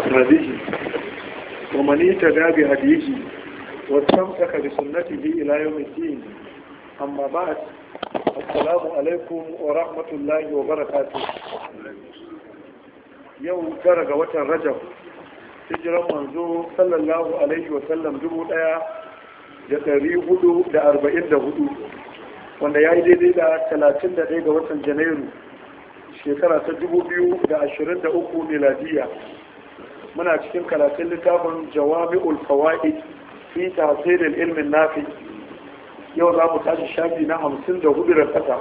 سنده ومن اهتدى بهديه واستمسك بسنته إلى يوم الدين أما بعد السلام عليكم ورحمة الله وبركاته يوم ترى وتر رجب hijiran manzo sallallahu alaihi wasallam dubu daya da dari hudu da arba'in da hudu wanda ya yi daidai da talatin da ɗaya ga watan janairu shekara ta dubu biyu da ashirin da uku miladiya muna cikin karatun littafin jawami ulfawa'id fi tasirin ilmin nafi yau za mu tashi shafi na hamsin da hudu da kasa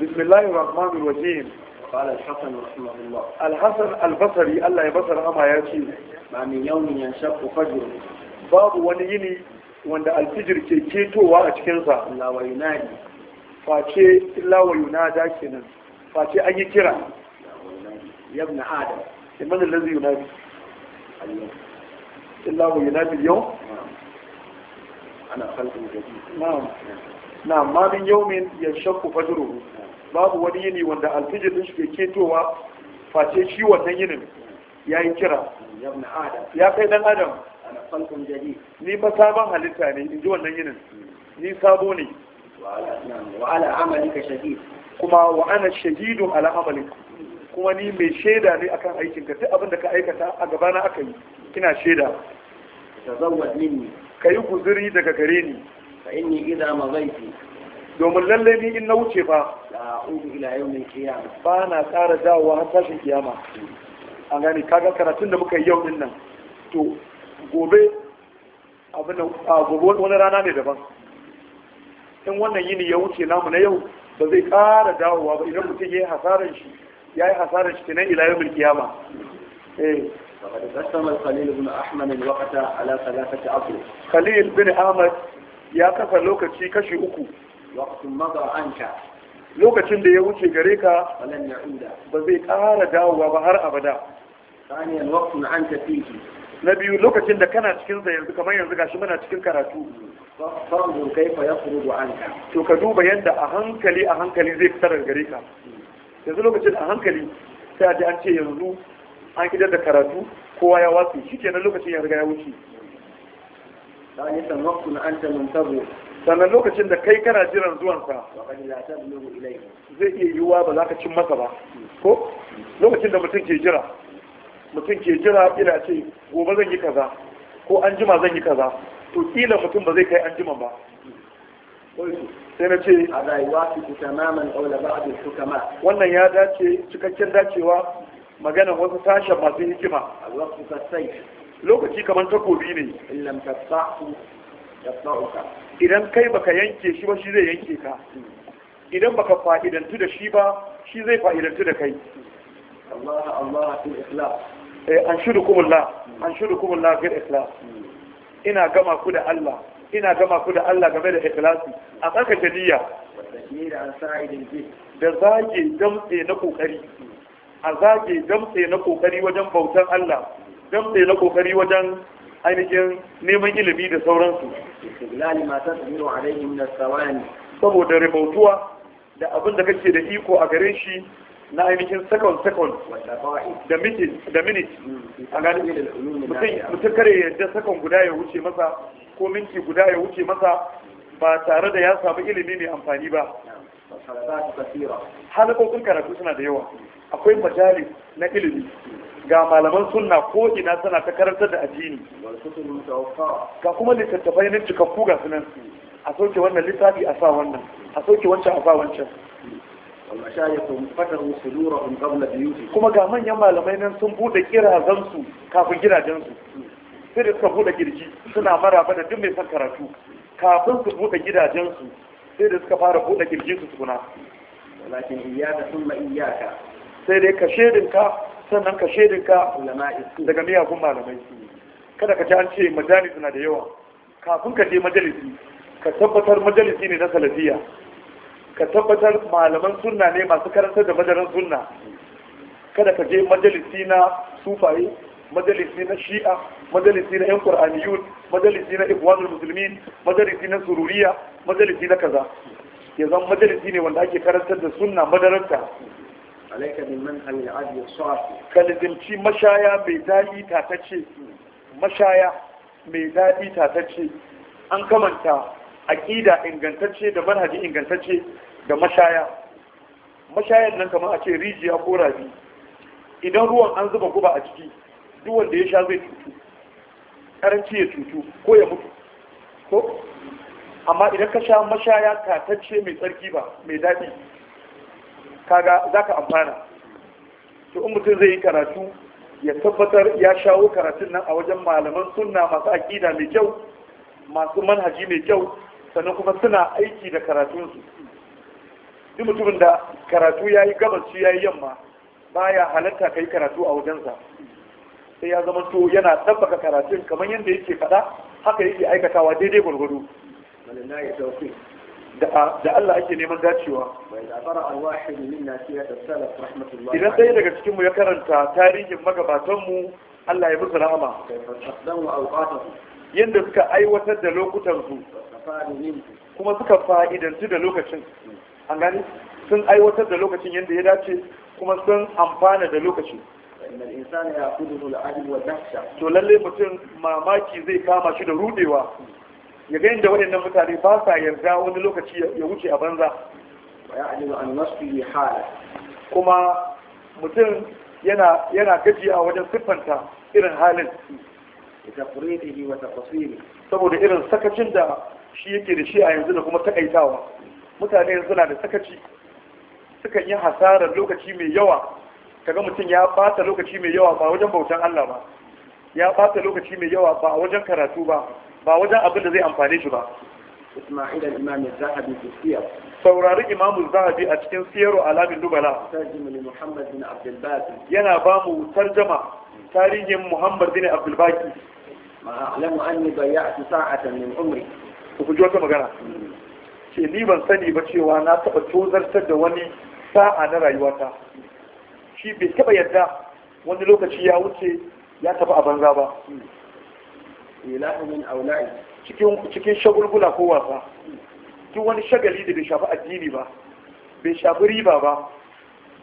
bismillahir rahmanir al-hasan rasulullah al Allah ya basara amma ya ce ma min yawmin yashaqqu fajr babu wani yini wanda al ke ketowa a cikin sa Allah wa yunadi face illa wa an yi kira ya ibn adam من الذي ينادي إلا هو ينادي اليوم أنا خلق جديد نعم نعم ما من يوم ينشق فجره babu wani yini wanda alfijir din shi ke ketowa face shi wannan yinin ya yi kira ya kai dan adam ni fa sabon halitta ne in ji wannan yinin ni sabo ne wa ala amalika shahid kuma wa ana shahidun ala amalikum kuma ni mai shaida ne akan aikinka duk abin da ka aikata a gabana aka yi Kina shaida tazawwad minni kayi guzuri daga gare ni fa inni idza maghaytu domin lalle ni in na wuce fa la ubu ila yawmin qiyamah ba na tsara dawowa har tashin kiyama an gani kaga karatun da muka yi yau din nan to gobe abin da gobe wani rana ne daban in wannan yini ya wuce namu na yau ba zai ƙara dawowa ba idan mutum ya yi hasaran shi ya yi hasarar shi kenan ila yau kiyama eh. Khalil قسم الخليل بن أحمد الوقت على ثلاثة أطلق خليل بن أحمد يا كفى لوكتي كشي أكو وقت مضى عنك lokacin da ya wuce gare ka ba zai ƙara dawowa ba har abada na biyu lokacin da kana cikin yanzu kamar yanzu gashi muna cikin karatu to ka duba yadda a hankali a hankali zai fitar gare ka yanzu lokacin a hankali sai a ji an ce yanzu an kidar da karatu kowa ya wasu shi nan lokacin ya riga ya wuce sannan lokacin da kai kana jiran zuwansa zai iya yiwuwa ba za ka cin masa ba ko lokacin da mutum ke jira mutum ke jira ina ce gobe zan yi kaza ko an jima zan yi kaza to kila mutum ba zai kai an jima ba sai na ce a rayuwa su fi tamaman aula ba da su kama wannan ya dace cikakken dacewa magana wasu sashen masu hikima lokaci kamar takobi ne illam tasa'u tasa'uka idan kai baka yanke shi ba shi zai yanke ka idan baka fa'idantu da shi ba shi zai fa'idantu da kai Allah Allah fil ikhlas eh an shudukum Allah fil ikhlas ina gama ku da Allah ina gama ku da Allah game da ikhlasi a tsarkake niyya da zage damtse na kokari a zage damtse na kokari wajen bautan Allah damtse na kokari wajen ainihin neman ilimi da sauransu saboda rimautuwa da abin da kake da iko a gare shi na ainihin second second da minute da minute a gani mutum kare yadda second guda ya wuce masa ko minti guda ya wuce masa ba tare da ya samu ilimi mai amfani ba halakokin karatu suna da yawa akwai majali na ilimi ga malaman sunna ko ina suna ta karantar da addini ga kuma littattafai na cikakku ga sunan a sauke wannan littafi a sa wannan a sauke wancan a sa wancan kuma ga manyan malamai nan sun bude kirazansu kafin gidajensu sai da suka buɗe girji suna maraba da duk mai son karatu kafin su buɗe gidajensu sai da suka fara buɗe girki su tukuna walakin iyaka sun ma iyaka sai dai ka shedinka sannan ka shedinka daga miyagun malamai kada ka ji an ce majalisi na da yawa kafin ka je majalisi ka tabbatar majalisi ne na salafiya ka tabbatar malaman sunna ne masu karantar da madaran sunna kada ka je majalisi na sufaye majalisi na shi'a majalisi na yan qur'aniyun majalisi na ikhwanul muslimin majalisi na sururiya majalisi na kaza ya zan majalisi ne wanda ake karantar da sunna madaranta alaika min manhaj al-adl as-safi kalizimci mashaya mai dadi tatacce mashaya mai dadi tatacce an kamanta aqida ingantacce da manhaji ingantacce da mashaya mashayan nan kamar a ce rijiya ko rabi idan ruwan an zuba guba a ciki duk wanda ya sha zai cutu karanci ya cutu ko ya mutu ko amma idan ka sha mashaya tatacce mai tsarki ba mai daɗi kaga za ka amfana to in mutum zai yi karatu ya tabbatar ya shawo karatun nan a wajen malaman sunna masu aƙida mai kyau masu manhaji mai kyau sannan kuma suna aiki da karatunsu duk mutumin da karatu ya yi gabas ya yi yamma baya halatta ka yi karatu a wajensa sai ya zama to yana tabbaka karatun kamar yadda yake faɗa haka yake aikatawa daidai gwargwado da Allah ake neman dacewa idan sai daga cikinmu ya karanta tarihin magabatanmu Allah ya musu rahama yadda suka aiwatar da lokutansu kuma suka fa'idantu da lokacin an gani sun aiwatar da lokacin yadda ya dace kuma sun amfana da lokacin to lalle mutum mamaki zai kama shi da rudewa ya ga inda waɗannan mutane ba sa yarda wani lokaci ya wuce a banza kuma mutum yana a wajen siffanta irin halin saboda irin sakacin da shi yake da shi a yanzu da kuma takaitawa mutane yanzu na da sakaci sukan yi hasarar lokaci mai yawa kaga mutum ya bata lokaci mai yawa ba wajen bautan Allah ba ya bata lokaci mai yawa ba wajen karatu ba ba wajen abin da zai amfane shi ba Isma'il al-Imam al-Zahabi fi Siyar saurari Imam al-Zahabi a cikin Siyaru Alamin Dubala tarjuma li Muhammad bin Abdul Baqi yana ba mu tarjuma tarihin Muhammad bin Abdul Baqi ma a'lamu anni bay'atu sa'atan min umri ku ji wata magana ce hmm. ni ban sani ba cewa na taba tozartar da wani sa'a na rayuwata shi bai taba yadda wani lokaci ya wuce ya tafi a banza ba cikin shagulgula ko wasa duk wani shagali da bai shafi addini ba bai shafi riba ba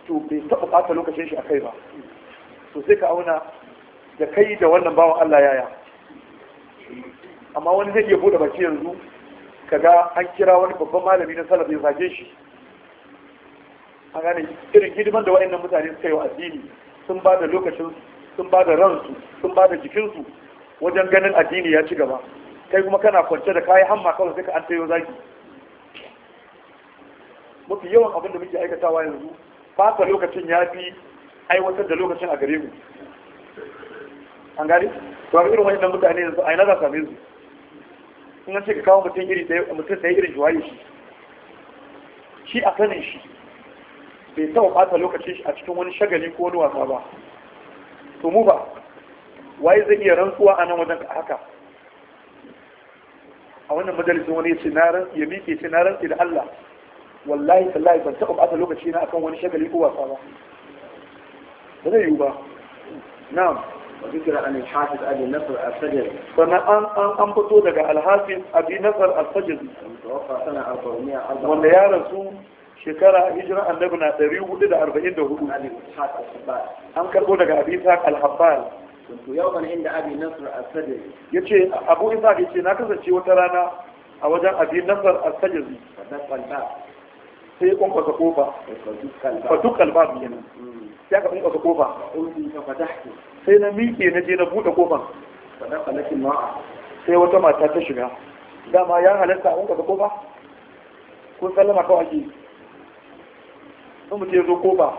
to bai taba fata lokacin shi a kai ba to sai ka auna da kai da wannan bawan Allah yaya amma wani zai iya bude baki yanzu kaga an kira wani babban malami na salafin ya zage shi a gane irin hidiman da wa'annan mutane suka yi wa addini sun ba da lokacin sun ba da ransu sun ba da jikinsu wajen ganin addini ya ci gaba kai kuma kana kwance da kayi hamma kawai sai ka an tayo zaki mafi yawan abin da muke aikatawa yanzu fasa lokacin ya fi aiwatar da lokacin a gare mu an gane to ga irin wannan mutane yanzu a ina za same su in an ce ka kawo mutum iri mutum sai irin shi shi a kanin shi bai taɓa ɓata lokaci a cikin wani shagali ko wani wasa ba to mu ba waye zai iya rantsuwa a nan wajen haka a wannan majalisin wani ce na ran ya miƙe ce na rantsi da Allah wallahi tallahi ban taɓa ɓata lokaci na akan wani shagali ko wasa ba ba zai yiwu ba na'am ذكر عن الحافظ أبي نصر السجري فما أن أن أنبتوا لك الحافظ أبي نصر السجري توفى سنة 404 واللي يا رسول shekara hijira annabi na 444 an karbo daga abi ta al-habbal to yau kan inda abi nasr al-sadri yace abu isa yace na kasance wata rana a wajen abi nasr al-sadri sai ya kwankwasa kofa fa duk kalbab kenan sai ka kwankwasa kofa sai na miƙe na je na buɗe kofan sai wata mata ta shiga dama ya halatta a kwankwasa kofa kun sallama kawai in mutum ya zo ko ba,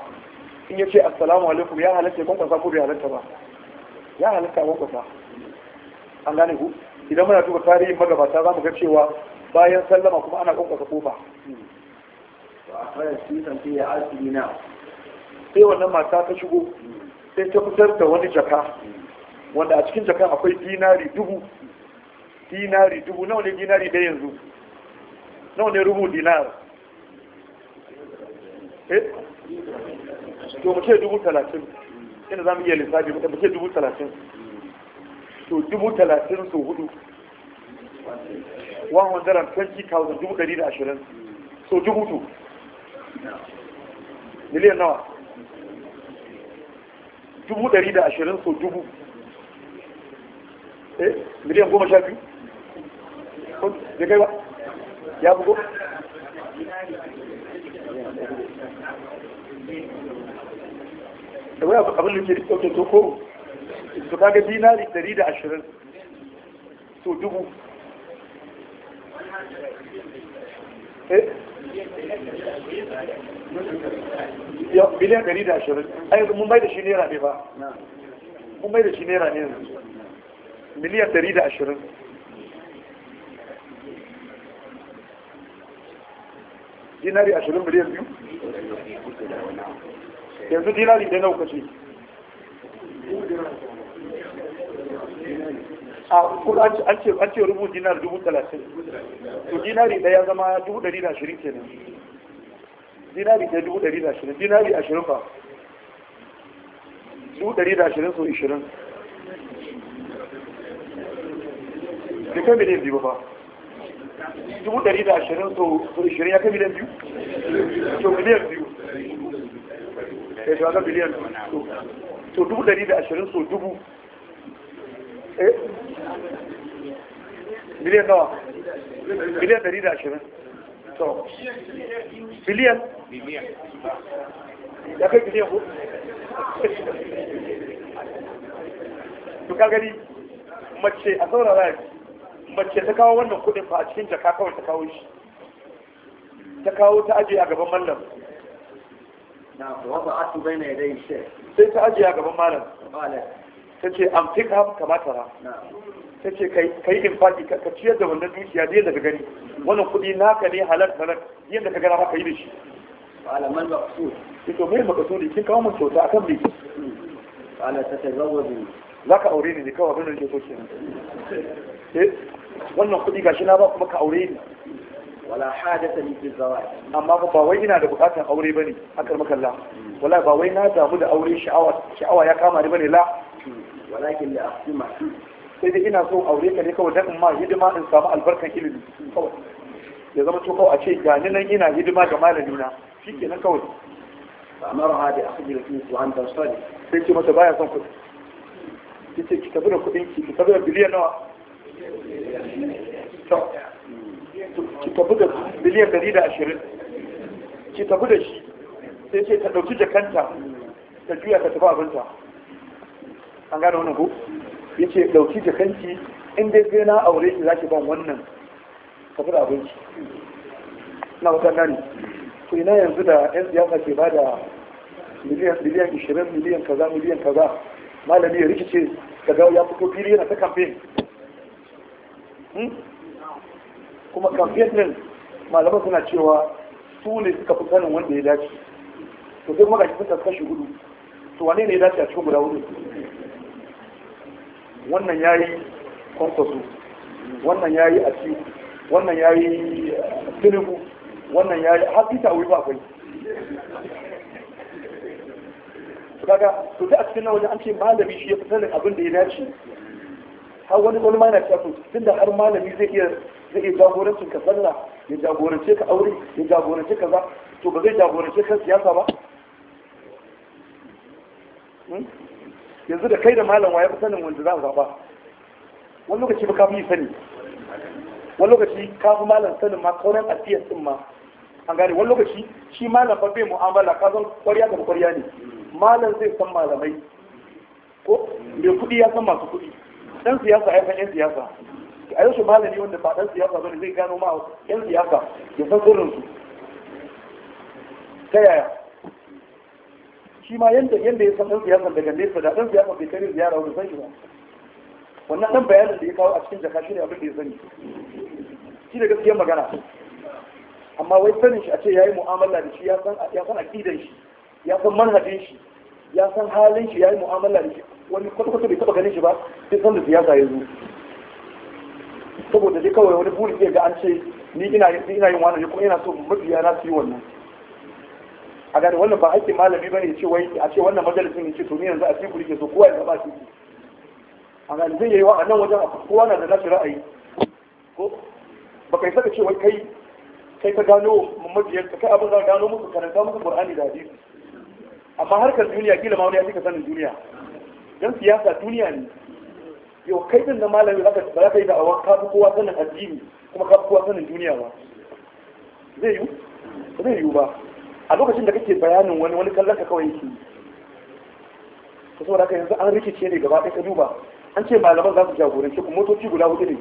in ya ce assalamu alaikum ya halatta ya kwankwasa ko bai halatta ba ya halatta a kwankwasa an gane ku idan muna duba tarihin magabata za mu ga cewa bayan sallama kuma ana kwankwasa na. sai wannan mata ta shigo sai ta fitar da wani jaka wanda a cikin jakan akwai dinari dubu dinari dubu nawa ne dinari da yanzu nawa ne rubu dinar Eh? to mu ce dubu talatin ina za mu iya lissafi mu ce dubu talatin to dubu talatin su hudu 120,000 dubu dari da ashirin so dubu tu miliyan nawa dubu dari da ashirin so dubu eh miliyan goma sha biyu da kai ba ya bugo da waya abin da ke ɗauke to ko su kaga dinari ɗari da ashirin to dubu eh biliyan ɗari da ashirin a mun bai da shi naira ne ba mun bai da shi naira ne yanzu miliyan ɗari da ashirin dinari ashirin miliyan biyu yanzu dinari da nauka ce a an ce rubu dinar dubu talatin to dinari daya zama dubu dari da ashirin kenan dinari da dubu dari da ashirin dinari ashirin ba dubu dari da ashirin so ishirin da kan miliyan biyu ba dubu ɗari da ashirin so ashirin ya kai miliyan biyu miliyan biyu eh, ya miliyan dubu ɗari da ashirin so dubu eh? miliyan nawa miliyan ɗari da ashirin ya kai ko to ka gani mace a saurara ya mace ta kawo wannan kudin ba a cikin jaka kawai ta kawo shi ta kawo ta ajiye a gaban mallam na bai na yadda sai ta ajiye a gaban mallam ta ce an fi ka kamata ra ta ce ka yi infaki ka ciyar da wannan dukiya da yadda ka gani wannan kudi naka ne halar halar yadda ka gara maka yi da shi malaman maksud ito mai ne kin kawo mun kyauta akan bi ala ta tazawwaju aure ni ne kawai abin da ke so kenan eh? wannan kuɗi shi na ba kuma ka aure ni wala hadatha li fi zawaj amma ba wai ina da bukatar aure bane akar makalla wala ba wai na damu da aure sha'awa sha'awa ya kama ni bane la walakin la asma sai dai ina so aure ka ne kawai dan ma hidima in samu albarkan ilimi kawai ya zama to kawai a ce ga ni nan ina hidima ga malami na shikenan kawai amara da akhdi al-fis wa anta sai ce mata baya son kuɗi ce ki tafi da kuɗin ki ki tafi da biliyan nawa ki tafi da miliyan 120 ki tafi da shi sai ce ta ɗauki jakanta ta juya ka tafi abinta an gane wani ku ya ce ɗauki jakanki in dai sai na aure ki za ki ban wannan tafi da abinci na wata gani to ina yanzu da 'yan siyasa ke ba da miliyan 20 miliyan kaza miliyan kaza malami ya rikice daga ya fito fili yana ta kamfen Hmm? kuma kamfen din malaman suna cewa su ne suka fi sanin wanda ya dace to sai kuma gashi suka kashi hudu to wane ne ya dace a cikin guda hudu wannan ya yi kwankwaso wannan ya yi aci wannan ya yi eh, tinubu wannan ya yi har ita wuri ba akwai kaga to sai a cikin nan wajen an ce malami shi ya fi sanin abin da ya dace har wani wani ma yana cewa to tunda har malami zai iya zai iya jagorancin ka sallah ya jagorance ka aure ya jagorance ka za to ba zai jagorance kan siyasa ba hmm? yanzu da kai da malam waye fi sanin wanda za ka zaba wani lokaci ba fi sani wani lokaci fi malam sanin ma sauran asiyar din ma an gane wani lokaci shi malam ba bai mu'amala ka zan kwarya da kwarya ne malam zai san malamai ko mai kuɗi ya san masu kuɗi dan siyasa ya san yan siyasa a yau shi malami wanda ba dan siyasa ba ne zai gano ma yan siyasa ya san sirrinsu. su ta yaya shi ma yanda yanda ya san dan siyasa daga nesa da dan siyasa bai kai ziyara wani san ba wannan dan bayanin da ya kawo a cikin jaka shi ne abin da ya sani shi da gaskiyar magana amma wai sanin shi a ce ya yi mu'amala da shi ya san a kidan shi ya san manhajin shi ya san halin shi ya yi mu'amala da shi wani kwata-kwata bai taɓa ganin shi ba sai san da siyasa ya zo saboda dai kawai wani buri ke ga an ce ni ina yin wani kuma ina so mabiya na su yi wannan a gane wannan ba ake malami bane ya ce wai a ce wannan majalisin ya ce to ni yanzu a cikin ke so kowa ya zaba shi a gane zai yi wa a nan wajen kowa na da nashi ra'ayi ko ba kai saka ce wai kai kai ka gano mabiyar ka kai abin da gano musu karanta musu qur'ani da hadisi amma harkar duniya kila ma wani ya fi sanin duniya don siyasa duniya ne yau kai din na malami ba za ka yi da awon kafin kowa sanin addini kuma kafin kowa sanin duniya ba zai yiwu zai ba a lokacin da kake bayanin wani wani kallon ka kawai yake ta saboda haka yanzu an rikice ne gaba ɗaya ka duba an ce malaman za su jagorance kuma motoci guda hudu ne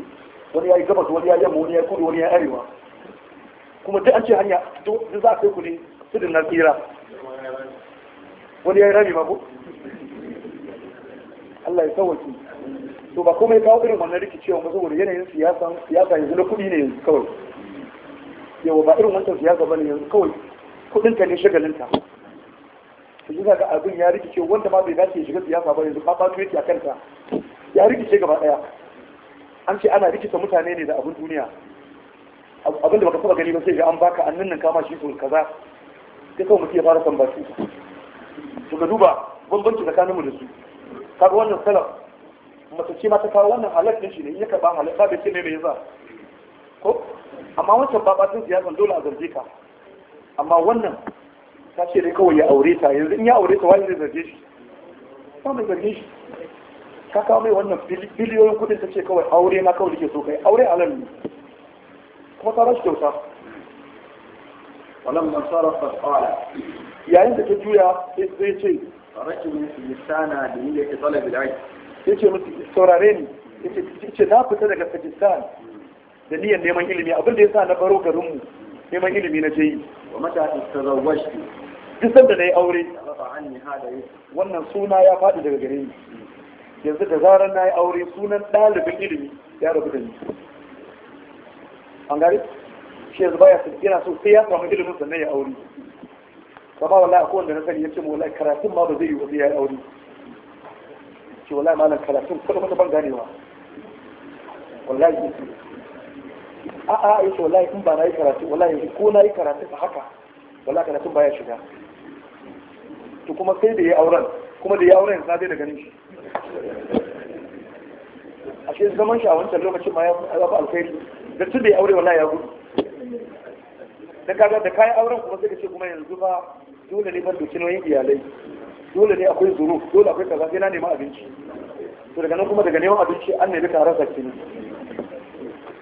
wani ya yi gabas wani ya yamma wani ya kudu wani ya arewa kuma duk an ce hanya duk za a kai ku ne tudun na tsira wani ya yi rami mako? Allah ya sauwaki to ba komai kawo irin wannan rikicewa ba saboda yanayin siyasa siyasa yanzu na kuɗi ne yanzu kawai yawa ba irin wancan siyasa ba ne yanzu kawai kuɗinka ne shagalinta to shi ga abin ya rikice wanda ma bai dace shiga siyasa ba yanzu ba ba yake a kanta ya rikice gaba daya an ce ana rikita mutane ne da abin duniya abin da baka taba gani ba sai ga an baka annan nan kama shi sun kaza sai kawai mutum ya fara san to ka duba bambanci tsakaninmu da su kaga wannan salaf mace ce ma ta kawo wannan halal din shi ne ya karba halal ba da ce mai yasa ko amma wancan ba batun san dole a zarge ka amma wannan ta ce dai kawai ya aure ta yanzu in ya aure ta wani zai zarge shi ba mai zarge shi ka kawo mai wannan biliyoyin kudin ta ce kawai aure na kawai ke so kai aure halal ne kuma ta rashi kyauta ولما صرفت قالت yayin da ta juya sai ce ya ce musu saurare ni ya ce na fita daga pakistan da niyan neman ilimi abinda ya sa na baro garinmu neman ilimi na je yi duk sanda na yi aure wannan suna ya faɗi daga gare ni yanzu da zarar na yi aure sunan ɗalibin ilimi ya rabu da ni an gari shi yanzu baya yana so sai ya samu ilimin sannan ya aure kama wallahi akwai wanda na sani ya ce wallahi karatun ma ba zai yi wasu ya yi aure ce wallahi malam karatun kada wani ban ganewa wallahi ya ce a a ya ce wallahi in ba na yi karatu wallahi yanzu ko na yi karatun a haka wallahi karatun baya shiga to kuma sai da ya auren kuma da ya auren na dai da ganin shi ce zaman shi a wancan lokacin ma ya fi alkhairi da tun da ya aure wallahi ya gudu da kaga da kayan auren kuma sai ka ce kuma yanzu ba dole ne ban doki wani iyalai dole ne akwai zuru dole akwai kaza sai na neman abinci to daga nan kuma daga neman abinci an nemi taron sarki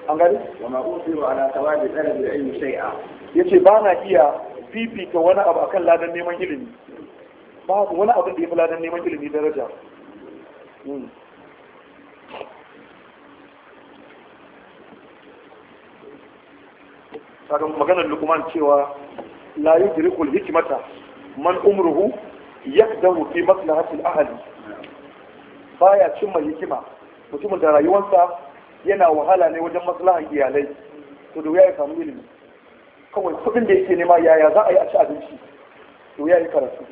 an gani wa ma usiru ala sawabi talabi a. shay'a yace ba na iya fifita wani abu akan ladan neman ilimi ba wani abin da ya fi ladan neman ilimi daraja hmm. kaga maganar lukuman cewa la yudrikul hikmata man umruhu yaqdahu fi maslahati al-ahli baya cimma hikima mutumin da rayuwarsa yana wahala ne wajen maslahar iyalai to da ya samu ilimi kawai kudin da yake nema yaya za a yi a ci abinci to ya yi karatu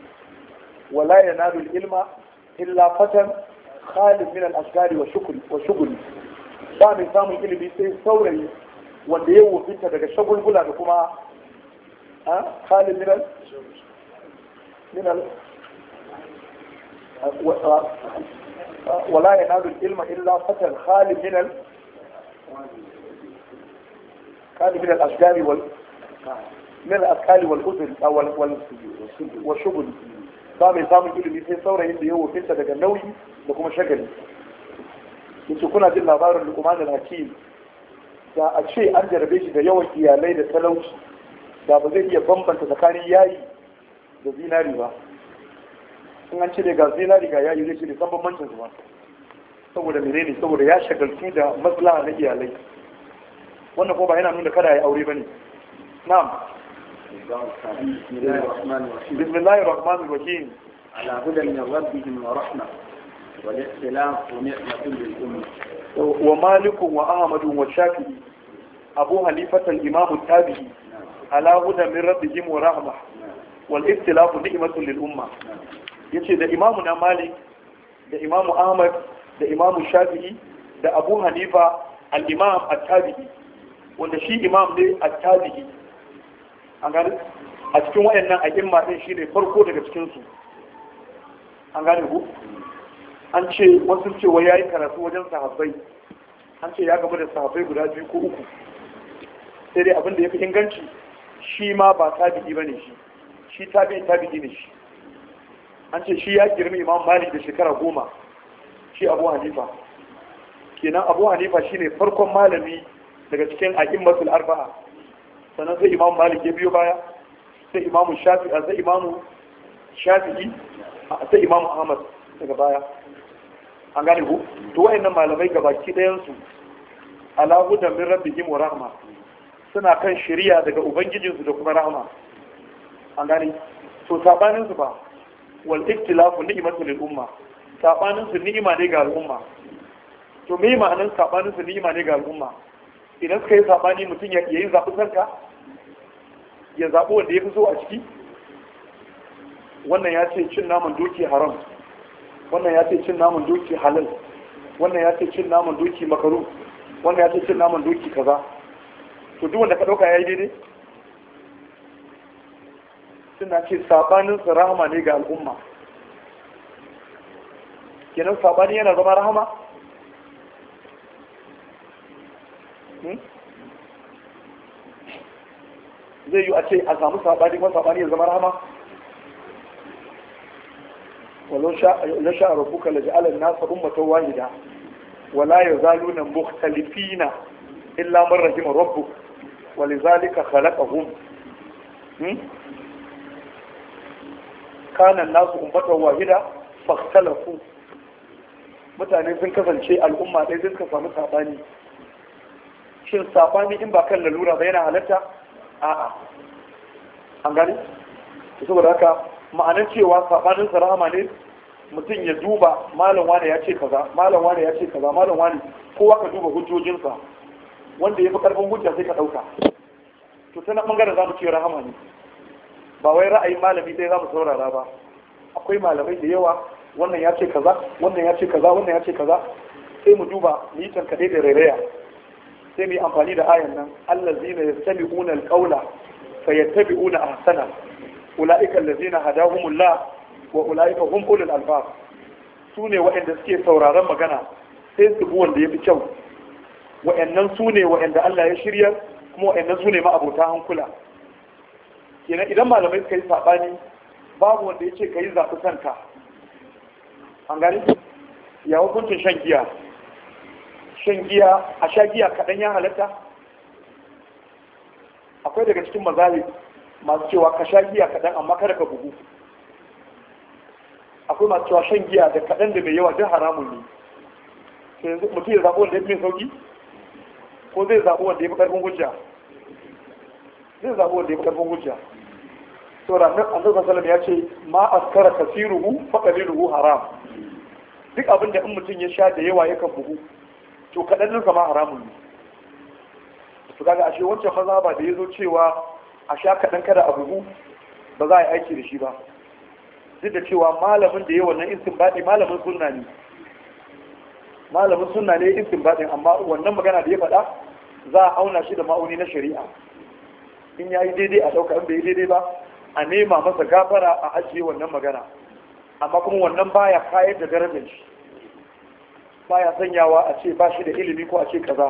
wala yanalu ilma illa fatan khalid min al-ashgari wa shukri wa shuguli ba mai samun ilimi sai saurayi wanda ya wofinta daga shagulgula da kuma ah, khalid min من ولا ينال العلم إلا فتى خالي من ال... خالي من الأشجار وال من الأكال والأذن وال والشغل ba mai samun ilimi sai saurayin da ya wofinta daga nauyi da kuma shagali yace kuna jin labarin lukman al-hakim da a ce an jarabe shi da yawan iyalai da talauci da ba zai iya bambanta tsakanin yayi da zinari ba in an cire ga zinari ga yayi zai cire san bambancin su ba saboda ne saboda ya shagaltu da maslaha na iyalai wannan ko ba yana nuna kada ya aure bane na'am بسم الله الرحمن الرحيم على هدى من ربهم ورحمة والاختلاف ونعمة للأمة ومالك وأحمد والشافعي أبو حنيفة الإمام التابعي على هدى من ربهم ورحمة wal istilafu ni'matun lil umma yace da imamu na malik da imamu ahmad da imamu shafi'i da abu hanifa al imam at-tabi'i wanda shi imam ne at-tabi'i an gane a cikin wayannan a'imma din ne farko daga cikin su an gane ku an ce wasu ce wa yayi karatu wajen sahabbai an ce ya gaba da sahabbai guda biyu ko uku sai dai abin da ya fi inganci shi ma ba tabi'i bane shi shi tabi'i tabi'i gini shi an ce shi ya girma imam malik da shekara goma shi abu hanifa kenan abu hanifa shine farkon malami daga cikin a'immatul arba'a sannan sai imam malik ya biyo baya sai imamu shafi'i sai imamu A sai imamu ahmad daga baya an gane ku to wayannan malamai gabaki ki su ala hudan min rabbihim wa rahma suna kan shari'a daga ubangijinsu da kuma rahma an gane to sabanin su ba wal ikhtilafu ni'matu lil umma sabanin su ni'ima ne ga al'umma to me ma'anar sabanin su ni'ima ne ga al'umma idan suka yi sabani mutum ya yi zaɓi sarka ya zaɓi wanda ya fi so a ciki wannan ya ce cin naman doki haram wannan ya ce cin naman doki halal wannan ya ce cin naman doki makaru wannan ya ce cin naman doki kaza to duk wanda ka ɗauka ya yi daidai suna ce sabaninsu rahama ne ga al'umma kinan sabani yana zama rahama? Hmm? zai yi a ce a samu sabani kuma sabani ya zama rahama? wale sha a rubuka laji alal nasa ummatan wahida wala ya zalu na mukhtalifina illa mun rahimar rabbu wale zalika khalaqahum hmm? kana nasu ummatan wahida faktalafu mutane sun kasance al'umma ɗaya sun samu sabani shin sabani in ba kan lalura ba yana halatta a'a an gani to saboda haka ma'anar cewa sabanin sarama ne mutum ya duba malam wani ya ce kaza malam wani ya ce kaza malam wani kowa ka duba hujjojinsa wanda ya fi karfin hujja sai ka ɗauka to sanan bangaren za mu ce rahama ne ba wai ra'ayin malami ɗaya za mu saurara ba akwai malamai da yawa wannan ya ce kaza wannan ya ce kaza wannan ya ce kaza sai mu duba mu yi tankaɗe da rairaya sai mu yi amfani da ayan nan allazina yastami'una alqawla fayattabi'una ahsana zina allazina hadahumullah wa ulaika hum ulul albab su ne waɗanda suke sauraron magana sai su bi wanda ya fi kyau waɗannan su ne waɗanda Allah ya shirya kuma waɗannan su ne ma'abota hankula kenan idan malamai suka yi saɓani babu wanda ya ce ka yi zafi kanka an gani ya hukuncin shan giya shan giya a sha giya kaɗan ya halatta akwai daga cikin mazali masu cewa ka sha giya kaɗan amma kada ka bugu akwai masu cewa shan giya da kaɗan da mai yawa duk haramun ne sai yanzu mutum ya zaɓi wanda ya fi mai sauƙi ko zai zaɓi wanda ya fi ƙarfin hujja zai zaɓi wanda ya fi ƙarfin hujja saboda annabi sallallahu ya ce ma askara kasiruhu fa qaliluhu haram duk abin da in mutum ya sha da yawa yakan bugu to kadan nan ma haramun ne to kaga ashe wancan ba da yazo cewa a sha kadan kada a bugu ba za a yi aiki da shi ba duk da cewa malamin da yawan nan baɗi malamin sunna ne malamin sunna ne istinbadin amma wannan magana da ya faɗa za a auna shi da ma'auni na shari'a in ya yi daidai a ɗauka in bai yi daidai ba a nema masa gafara a ajiye wannan magana amma kuma wannan baya kayar da darajar shi baya sanyawa a ce ba shi da ilimi ko a ce kaza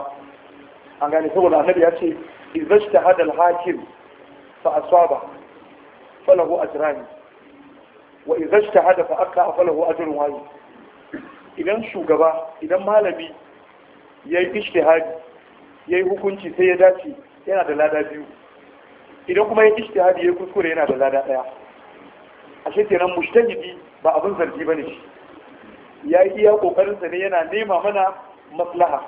an gane saboda annabi ya ce izashta hadal hakim fa asaba falahu ajrani wa izashta hada fa akka falahu ajrun wahid idan shugaba idan malami yayi ishtihadi yayi hukunci sai ya dace yana da lada biyu idan kuma ya hadi ya kuskure yana da lada daya ashe kenan mushtajidi ba abin zargi bane shi ya yi iya kokarin sa ne yana nema mana maslaha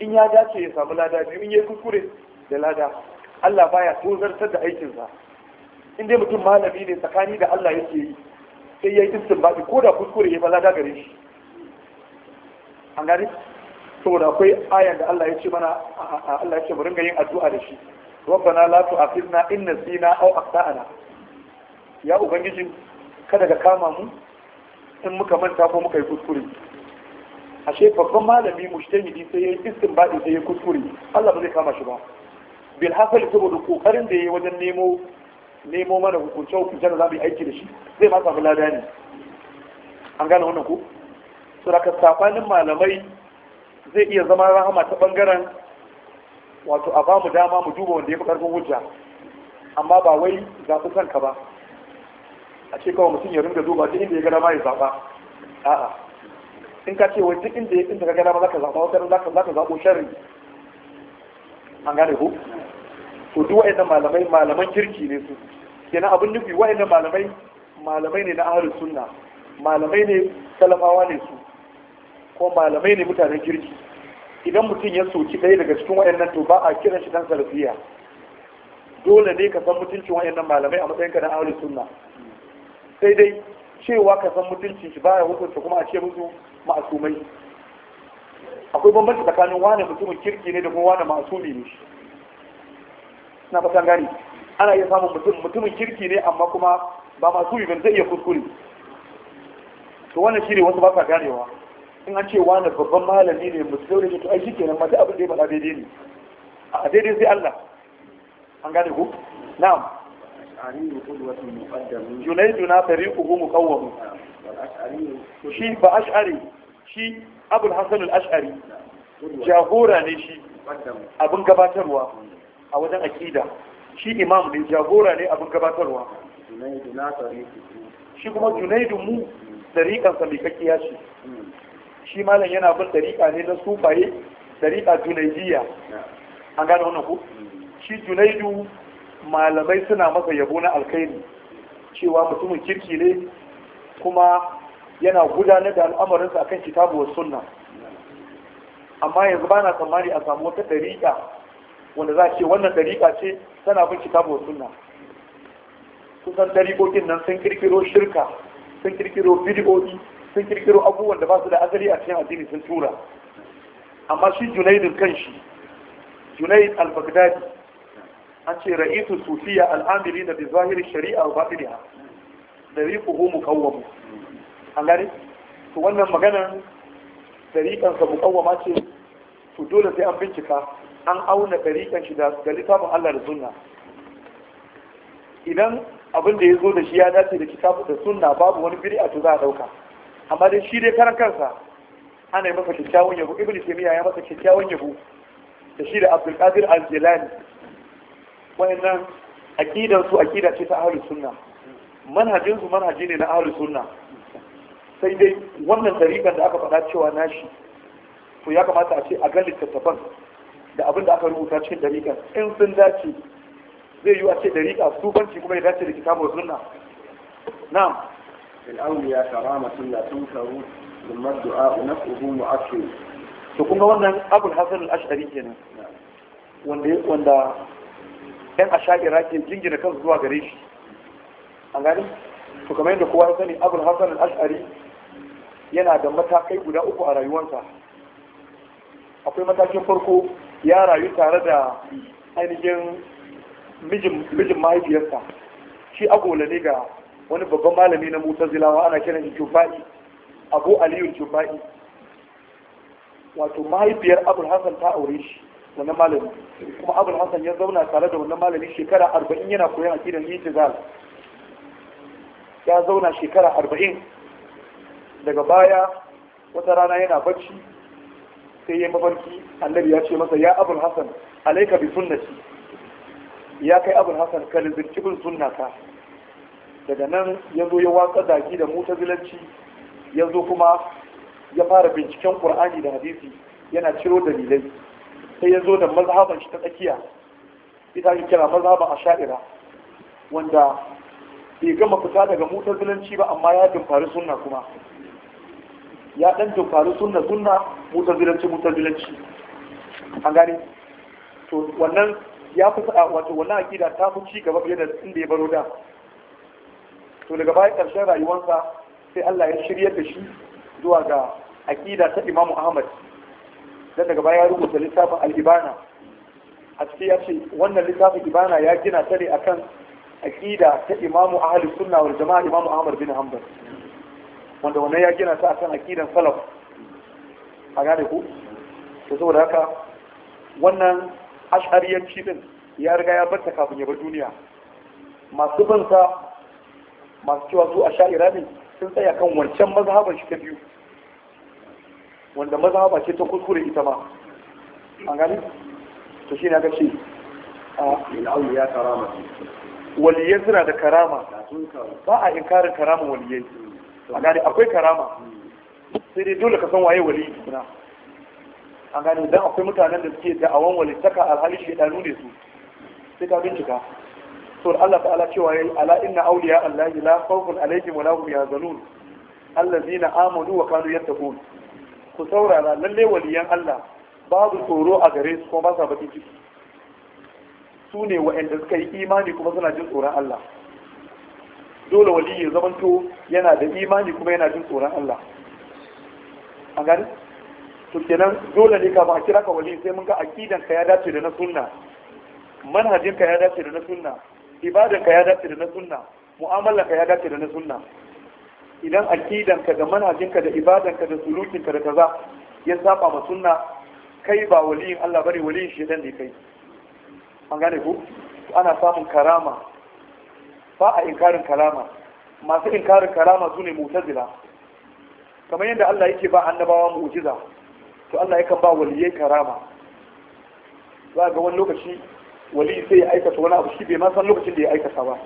in ya dace ya samu lada biyu in ya kuskure da lada Allah baya tozartar da aikinsa in dai mutum malami ne tsakani da Allah yake yi sai ya yi istinbadi ko da kuskure ya lada gare shi an gani saboda akwai ayan da Allah ya ce mana Allah ya ce mu ringa yin addu'a da shi rabbana la tu'akhidna in nasina aw akhtana ya ubangiji kada ka kama mu in muka manta ko muka yi kuskure ashe babban malami mujtahidi sai yayi istinbadi sai ya kuskure Allah ba zai kama shi ba bil hasal saboda kokarin da yayi wajen nemo nemo mana hukunce hukuncen da za aiki da shi zai ma samu lada ne an gane wannan ko saboda safanin malamai zai iya zama rahama ta bangaren wato a bamu dama mu duba wanda ya fi karfin hujja amma ba wai zaɓi kanka ba a ce kawai mutum ya ringa duba duk inda ya gada ma ya zaɓa a'a in ka ce wai duk inda ya inda ka gada ma zaka zaɓa wata ran zaka zaka zaɓo sharri an gane ko to duk wa'annan malamai malaman kirki ne su kenan abin nufi wa'annan malamai malamai ne na ahlus sunna malamai ne talafawa ne su ko malamai ne mutanen kirki idan mutum ya soki ɗaya daga cikin wayannan to ba a kiran shi dan salafiya dole ne ka san mutuncin wayannan malamai a matsayin ka na ahlus sunna sai dai cewa ka san mutuncin shi baya hukunta kuma a ce musu ma'asumai akwai bambanci tsakanin wane mutumin kirki ne da kuma wane ma'asumi ne na fatan gani ana iya samun mutum mutumin kirki ne amma kuma ba masu yi zai iya kuskure to wannan shi ne wasu ba sa ganewa in an ce wani babban malami ne musulmi ne to ai shikenan ma mata abin da ya faɗa daidai ne a daidai sai Allah an gane ku na'am junaidu na kawo mu. shi ba ash'ari shi abul hasan al ash'ari jagora ne shi abin gabatarwa a wajen akida shi imam ne jagora ne abin gabatarwa shi kuma junaidu mu tariƙansa mai kakkiya shi. shi malam yana bin dariƙa ne na sufaye dariƙa junaidiya an gane wannan ku mm. shi junaidu malamai suna masa yabo na alkhairi cewa mutumin kirki ne kuma yana gudanar da al'amarinsa akan kitabu wa sunna amma yanzu ba na tsammani a samu wata dariƙa wanda za a ce wannan dariƙa ce tana bin kitabu wa sunna kusan dariƙokin nan sun kirkiro shirka sun kirkiro bidiyoyi sun kirkiro abubuwan da ba su da asali a cikin addini sun tura amma shi junaidin kanshi junaid al-baghdadi an ce ra'isu sufiya al'amiri da bizahiri shari'a wa batiniya da riƙuhu mu. an gane to wannan maganan dariƙansa mukawwama ce to dole sai an bincika an auna dariƙan shi da littafin Allah da sunna idan abin da ya zo da shi ya dace da kitabu da sunna babu wani bid'a to za a ɗauka amma dai shi dai karan kansa ana yi masa kyakkyawan yabo ibn taymiya ya masa kyakkyawan yabo da shi da abdul qadir al-jilani wayannan aqidan su aqida ce ta ahlus sunna manhajin su manhaji ne na ahlus sunna sai dai wannan tarikan da aka faɗa cewa nashi to ya kamata a ce a ga littattafan da abin da aka rubuta cikin tarikan in sun dace zai yi a ce dariƙa su banci kuma ya dace da kitabu sunna na'am الأولياء كرامة لا تنكر لما الدعاء نفعه مؤثر to kuma wannan abul hasan al-ash'ari kenan wanda wanda ɗan asha'ira ke jingina kansu zuwa gare shi an gani to kamar yadda kowa ya sani abul hasan al-ash'ari yana da matakai guda uku a rayuwarsa akwai matakin farko ya rayu tare da ainihin mijin mahaifiyarsa shi agola ne ga wani babban malami na mutazilawa ana kiran shi jufa'i abu aliyu jufa'i wato mahaifiyar abul hasan ta aure shi wannan malami kuma abul hasan ya zauna tare da wannan malami shekara arba'in yana koyon akidan itizal ya zauna shekara arba'in daga baya wata rana yana bacci sai ya mafarki annabi ya ce masa ya abul hasan alaika bi sunnati ya kai abul hasan ka lizirci bin sunnata daga nan ya zo ya watsa daki da mutazilanci ya zo kuma ya fara binciken ƙur'ani da hadisi yana ciro dalilai sai ya zo da mazhaban shi ta tsakiya ita ake kira mazhaban asha'ira wanda bai gama fita daga mutazilanci ba amma ya dumfari sunna kuma ya dan dumfari sunna sunna mutazilanci mutazilanci an gane to wannan ya fi wato wannan akida ta fi ci gaba fiye da inda ya baro da to daga bayan ƙarshen rayuwarsa sai Allah ya shiryar da shi zuwa ga aƙida ta Imam Ahmad dan daga baya ya rubuta littafin al-Ibana a cikin ya ce wannan littafin Ibana ya gina ta ne akan aƙida ta Imam Ahlus Sunna wal Jama'a Imam Ahmad bin Hanbal wanda wannan ya gina ta akan aƙidan salaf a gane ku to saboda haka wannan ash'ariyanci din ya riga ya bar ta kafin ya bar duniya masu bin sa masu cewa su a sha'ira ne sun tsaya kan wancan mazhaban shi ta biyu wanda mazhaba ce ta kuskure ita ma an gani to shi na gashi a ya karama waliyai suna da karama ba a inkarin karama waliyai a gani akwai karama sai dai dole ka san waye wali. suna an gani don akwai mutanen da suke da da'awan walittaka alhali ɗanu ne su sai ka bincika saboda Allah ta'ala cewa yayi ala inna awliya Allah la khawfun alayhim wa lahum yahzanun allazina amanu wa kanu yattaqun ku saurara lalle waliyan Allah babu tsoro a gare su kuma ba sa bakin ciki su ne wa'anda suka yi imani kuma suna jin tsoron Allah dole wali ya zamanto yana da imani kuma yana jin tsoron Allah an gani to kenan dole ne kafin a kira ka wali sai mun ga aqidan ka ya dace da na sunna manhajin ka ya dace da na sunna ibadanka ya dace da na sunna mu'amalanka ya dace da na sunna idan akidanka da manhajinka da ibadanka da sulukinka da kaza ya saba ma sunna kai ba waliyin Allah bane waliyin shedan ne kai an gane ku ana samun karama ba a inkarin karama masu inkarin karama su ne mutazila kamar yadda Allah yake ba annabawa mu'jiza to Allah yakan ba waliyai karama za ga wani lokaci wali sai ya aikata wani abu shi bai ma san lokacin da ya aikata ba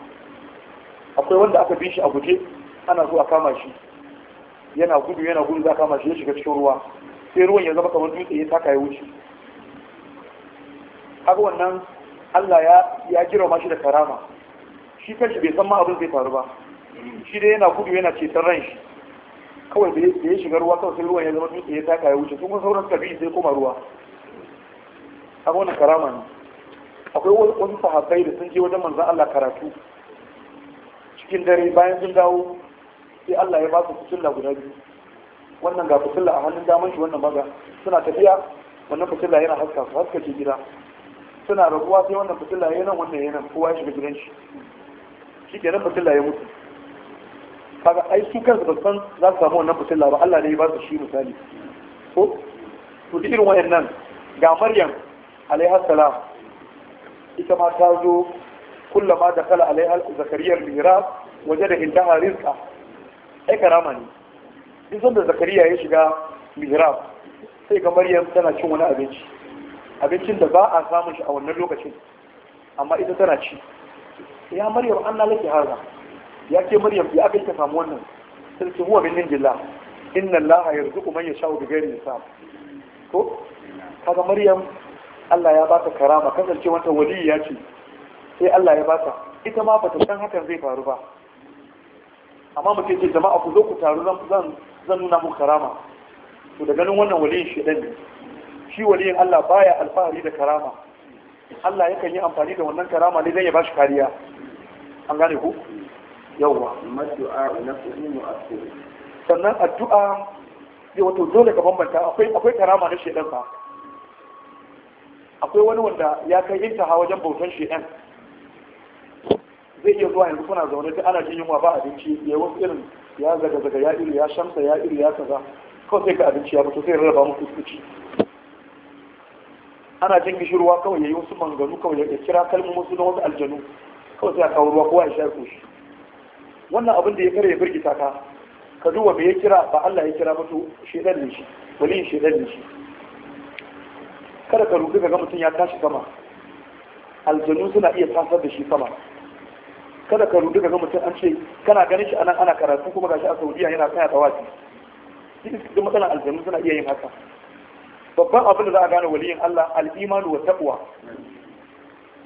akwai wanda aka bi shi a guje ana zuwa a kama shi yana gudu yana gudu za a kama shi ya shiga cikin ruwa sai ruwan ya zama kamar dutse ya taka ya wuce haka wannan Allah ya ya girma shi da karama shi kanshi bai san ma abin zai faru ba shi dai yana gudu yana ceton ran shi kawai da ya shiga ruwa kawai sai ruwan ya zama dutse ya taka ya wuce sun sauran suka sai koma ruwa haka wannan karama ne akwai wasu sahabbai da sun je wajen manzan Allah karatu cikin dare bayan sun dawo sai Allah ya ba su fitilla guda biyu wannan ga fitilla a hannun daman shi wannan maza suna tafiya wannan fitilla yana haska su haska ke gida suna rabuwa sai wannan fitilla ya nan wannan ya nan kowa ya shiga gidan shi shi ke nan fitilla ya mutu kaga ai su kansu ba san za su samu wannan fitilla ba Allah ne ya ba su shi misali ko to duk irin wayannan ga Maryam alaihi salam ita ma ta zo ma da kala alaiha zakariyar mihrab waje da indaha rizka ai karama ne duk sanda zakariya ya shiga mihrab sai ga maryam tana cin wani abinci abincin da ba a samun shi a wannan lokacin amma ita tana ci ya maryam an na laki haza ya ce maryam ya aka ta samu wannan sai ce huwa min indillah inna allaha yarzuqu man yasha'u bighairi hisab to kaga maryam Allah ya bata karama kasance wata waliya ce sai Allah ya bata ita ma bata san hakan zai faru ba amma mutum ce jama'a ku zo ku taru zan zan nuna muku karama to da ganin wannan waliyin shedan ne shi waliyin Allah baya alfahari da karama Allah yakan yi amfani da wannan karama ne dan ya bashi kariya an gane ku yawwa maddu'a nafsuhu mu'assir sannan addu'a ya wato dole ka bambanta akwai akwai karama na shedan fa akwai wani wanda ya kai intaha wajen bautan ɗan zai iya zuwa yanzu kuna zaune ta ana jin yunwa ba abinci ya wasu irin ya zaga zaga ya iri ya shamsa ya iri ya kaza kawai sai ka abinci ya mutu sai rarraba mu kuci ana jin gishirwa kawai ya yi wasu manganu kawai ya kira kalmomin wasu na wasu aljanu kawai sai a kawo ruwa kowa ya sha koshi wannan abin da ya kare ya birgita ka ka duba me ya kira ba Allah ya kira ba to shedan ne shi wali shedan ne shi kada ka rufe ga mutum ya tashi sama aljanu suna iya tasar da shi sama kada ka rufe ga mutum an ce kana ganin shi anan ana karatu kuma gashi a Saudiya yana kaya tawafi duk matsalan aljanu suna iya yin haka babban abin da za a gane waliyin Allah al-imanu wa taqwa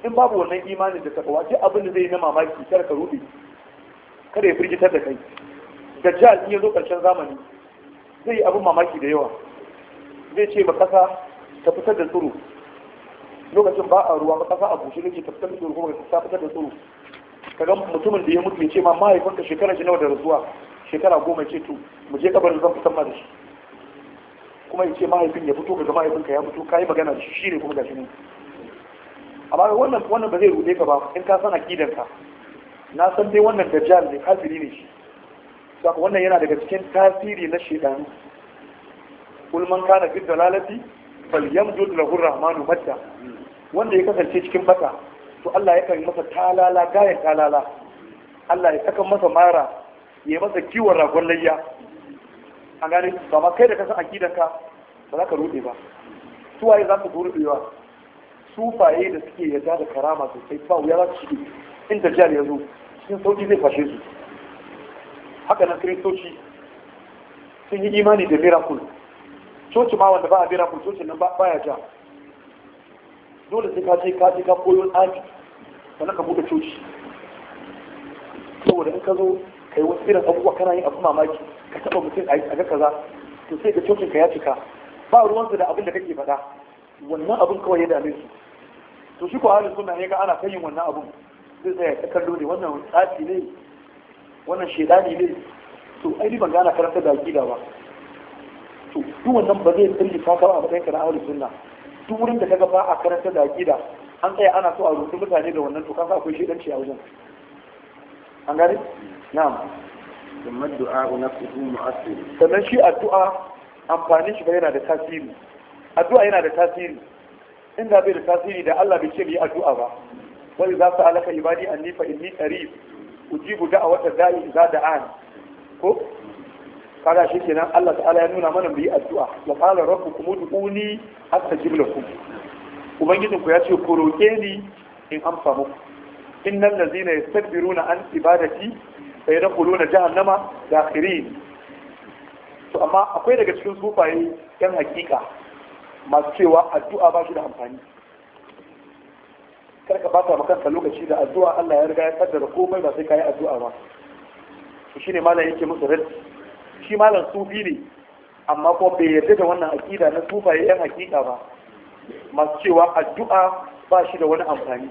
in babu wannan imanin da taqwa duk abin da zai yi na mamaki kada ka rufe kada ya firgitar da kai dajjal in ya zo karshen zamani zai yi abin mamaki da yawa zai ce ba kasa ta fitar da tsoro. lokacin ba a ruwa kasa a bushe kake ta fitar da tsiro kuma ta fitar da Ka ga mutumin da ya mutu ya ce ma mahaifinka shekara shi nawa da rasuwa shekara goma ce to mu je kabarin zan fitar ma da shi kuma ya ce mahaifin ya fito ga mahaifinka ya fito kayi magana da shi shi ne kuma gashi ne amma wannan wannan ba zai rude ka ba in ka san akidan ka na san dai wannan dajjal ne kafiri ne shi saka wannan yana daga cikin tasiri na shedanu Kulman kana fi dalalati falyamjud lahu rahmanu madda wanda ya kasance cikin bata to Allah ya kan masa talala gayan talala Allah ya saka masa mara ya masa kiwon ragon layya an gane ba ma kai da kasan ka ba za ka rude ba Su waye za su gurbewa sufaye da suke yarda da karama sosai ba wuya za su shige in dajjal ya zo cikin sauki zai fashe su haka nan kiristoci sun yi imani da miracle coci ma wanda ba a bera ku coci nan ba ya ja dole sai ka ce ka je ka koyo tsari sannan ka buɗe coci saboda in ka zo kai wasu irin abubuwa kana yin abu mamaki ka taɓa mutum a ga kaza to sai ka cocin ka ya cika ba ruwansu da abin da kake faɗa wannan abin kawai ya dame su to shi ko halin suna ya ga ana kan yin wannan abin zai tsaya ta kallo ne wannan tsafi ne wannan shaidani ne to ai ban gana karanta da aƙida ba to duk wannan ba zai tsalli ka kawo a matsayin ka na ahlus sunna duk wurin da kaga ba a karanta da gida, an tsaya ana so a rubuta mutane da wannan to kaga akwai ci a wajen an gane na'am kuma du'a nafsuhu mu'assir sannan shi addu'a amfanin shi ba yana da tasiri addu'a yana da tasiri In inda bai da tasiri da Allah bai ce mu yi addu'a ba wani za su alaka ibadi anni fa inni qarib ujibu wata da'i za da an, ko kaga shi kenan Allah ta'ala ya nuna mana mu yi addu'a wa qala rabbukum ud'uni astajib lakum ubangijin ku ya ce ku roke ni in amsa muku innal ladzina yastakbiruna an ibadati sayadkhuluna jahannama dakhirin to amma akwai daga cikin sufaye yan hakika masu cewa addu'a ba shi da amfani karka ba ta lokaci da addu'a Allah ya riga ya kaddara komai ba sai ka yi addu'a ba to shine malam yake musu raddi shi malam sufi ne amma ko bai yarda da wannan aƙida na sufaye yan hakika ba masu cewa addu'a ba shi da wani amfani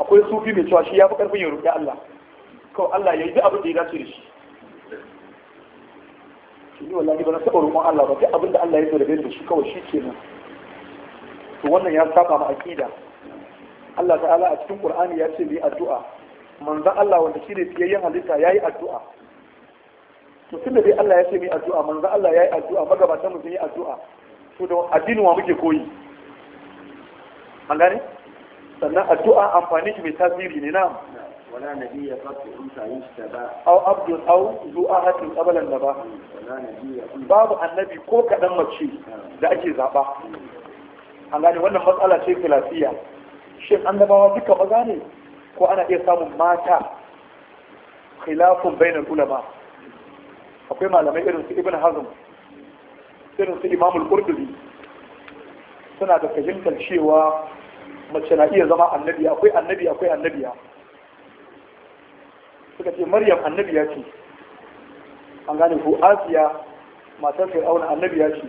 akwai sufi mai cewa shi ya fi karfin ya roƙi Allah kawai Allah ya yi abin da ya dace da shi shi ne wallahi ba na taɓa roƙon Allah ba Sai abin da Allah ya zarge da shi kawai shi kenan to wannan ya saba ma aqida Allah ta'ala a cikin Qur'ani ya ce mu yi addu'a manzon Allah wanda shi ne fiyayyen halitta yayi addu'a to da dai Allah ya ce mai addu'a manzo Allah ya yi addu'a magabatan mu sun yi addu'a Su da addinin wa muke koyi an gane sannan addu'a amfani shi mai tasiri ne na ولا نبي قد أنت يشتبى أو عبد أو ذو أحد قبل النبى ولا نبي باب النبي كو كدن مچي da ake zaba an gane wannan matsala ce filafiya shin annabawa duka maza ne ko ana iya samun mata khilafun bainal ulama akwai malamai irin su ibn hazm irin su imamul qurdubi suna da fahimtar cewa mace na iya zama annabi akwai annabi akwai annabiya suka ce maryam annabiya ce an gane ko asiya matar sai auna annabiya ce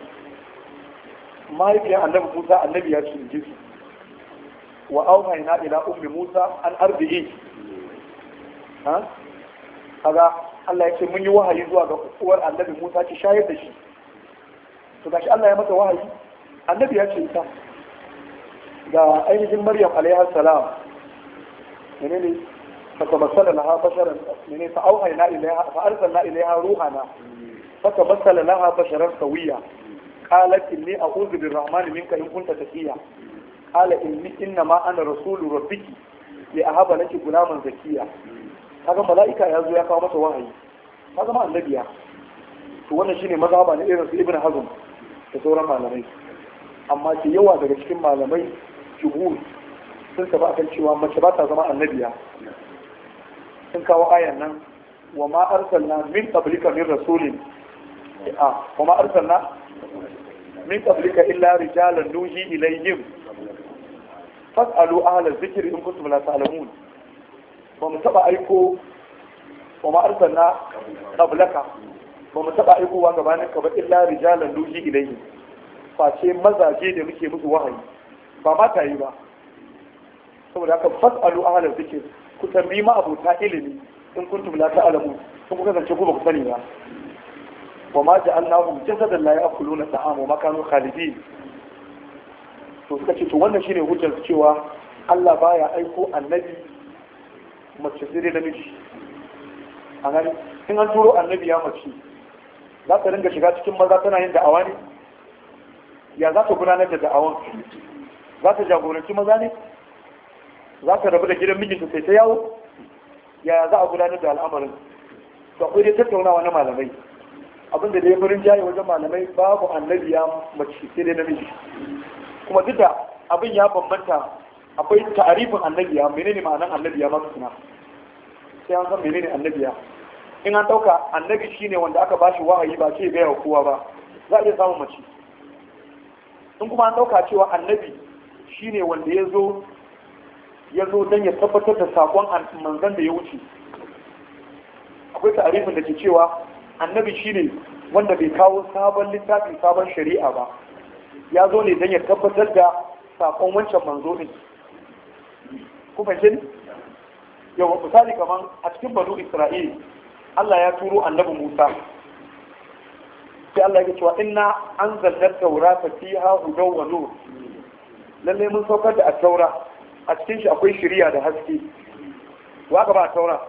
mahaifiyar annabi musa annabiya ce in ji su wa ina ila ummi musa an arbi'i kaga Allah ya ce mun yi wahayi zuwa ga uwar annabi Musa ki shayar da shi to gashi Allah ya mata wahayi annabi ya ce ta ga ainihin Maryam alaiha salam menene فتمثل لها بشرا مني فأوحينا إليها فأرسلنا إليها روحنا فتمثل لها بشرا سويا قالت إني أعوذ بالرحمن منك إن كنت تقيا قال إني إنما أنا رسول ربك لأهب لك غلاما زكيا kaga mala'ika ya zo ya kawo masa wahayi kaga ma annabiya to wannan shine mazhaba na irin su ibn hazm da sauran malamai amma ke yawa daga cikin malamai jumhur sun taba akan cewa mace ba ta zama annabiya sun kawo ayan nan wa ma arsalna min qablika min rasulin a wa ma arsalna min qablika illa rijalan nuhi ilayhim fas'alu ahla dhikri in kuntum la ta'lamun ba mu taba aiko wa ma arsalna qablaka ba mu taba aikowa gabanin ka ba illa rijalan nuhi ilayhi face mazaje da muke musu wahayi ba mata yi ba saboda haka fasalu ahla zikr ku tambayi ma abota ilimi in kuntum la ta'lamu sun ku kasance ku ba ku sani ba wa ma ja'alnahum jasadan la ya'kuluna ta'am wa ma kanu khalidin to suka ce to wannan shine hujjar cewa Allah baya aiko annabi mace sai dai namiji a gani in an turo annabi ya mace za ta ringa shiga cikin maza tana yin da'awa ne ya za ta gudanar da da'awan za ta jagoranci maza ne za ta rabu da gidan mijinta sai ta yawo ya za a gudanar da al'amarin to akwai dai tattaunawa na malamai abin da dai farin jaye wajen malamai babu annabi ya mace sai dai namiji kuma duk da abin ya bambanta akwai ta'arifin annabiya menene ma'anar annabiya ba suna sai an san menene annabiya in an dauka annabi shine wanda aka bashi wahayi ba ce gaya kowa ba za a iya samun mace in kuma an dauka cewa annabi shine wanda ya zo ya zo don ya tabbatar da sakon manzan da ya wuce akwai ta'arifin da ke cewa annabi shine wanda bai kawo sabon littafi sabon shari'a ba ya zo ne don ya tabbatar da sakon wancan manzo Kuma fahimce ni yawa misali kamar a cikin banu isra'il Allah ya turo annabi Musa sai Allah ya ce an inna taura ta fiha hudaw wa nur lalle mun saukar da at-taura a cikin shi akwai shiriya da haske wa ka ba at-taura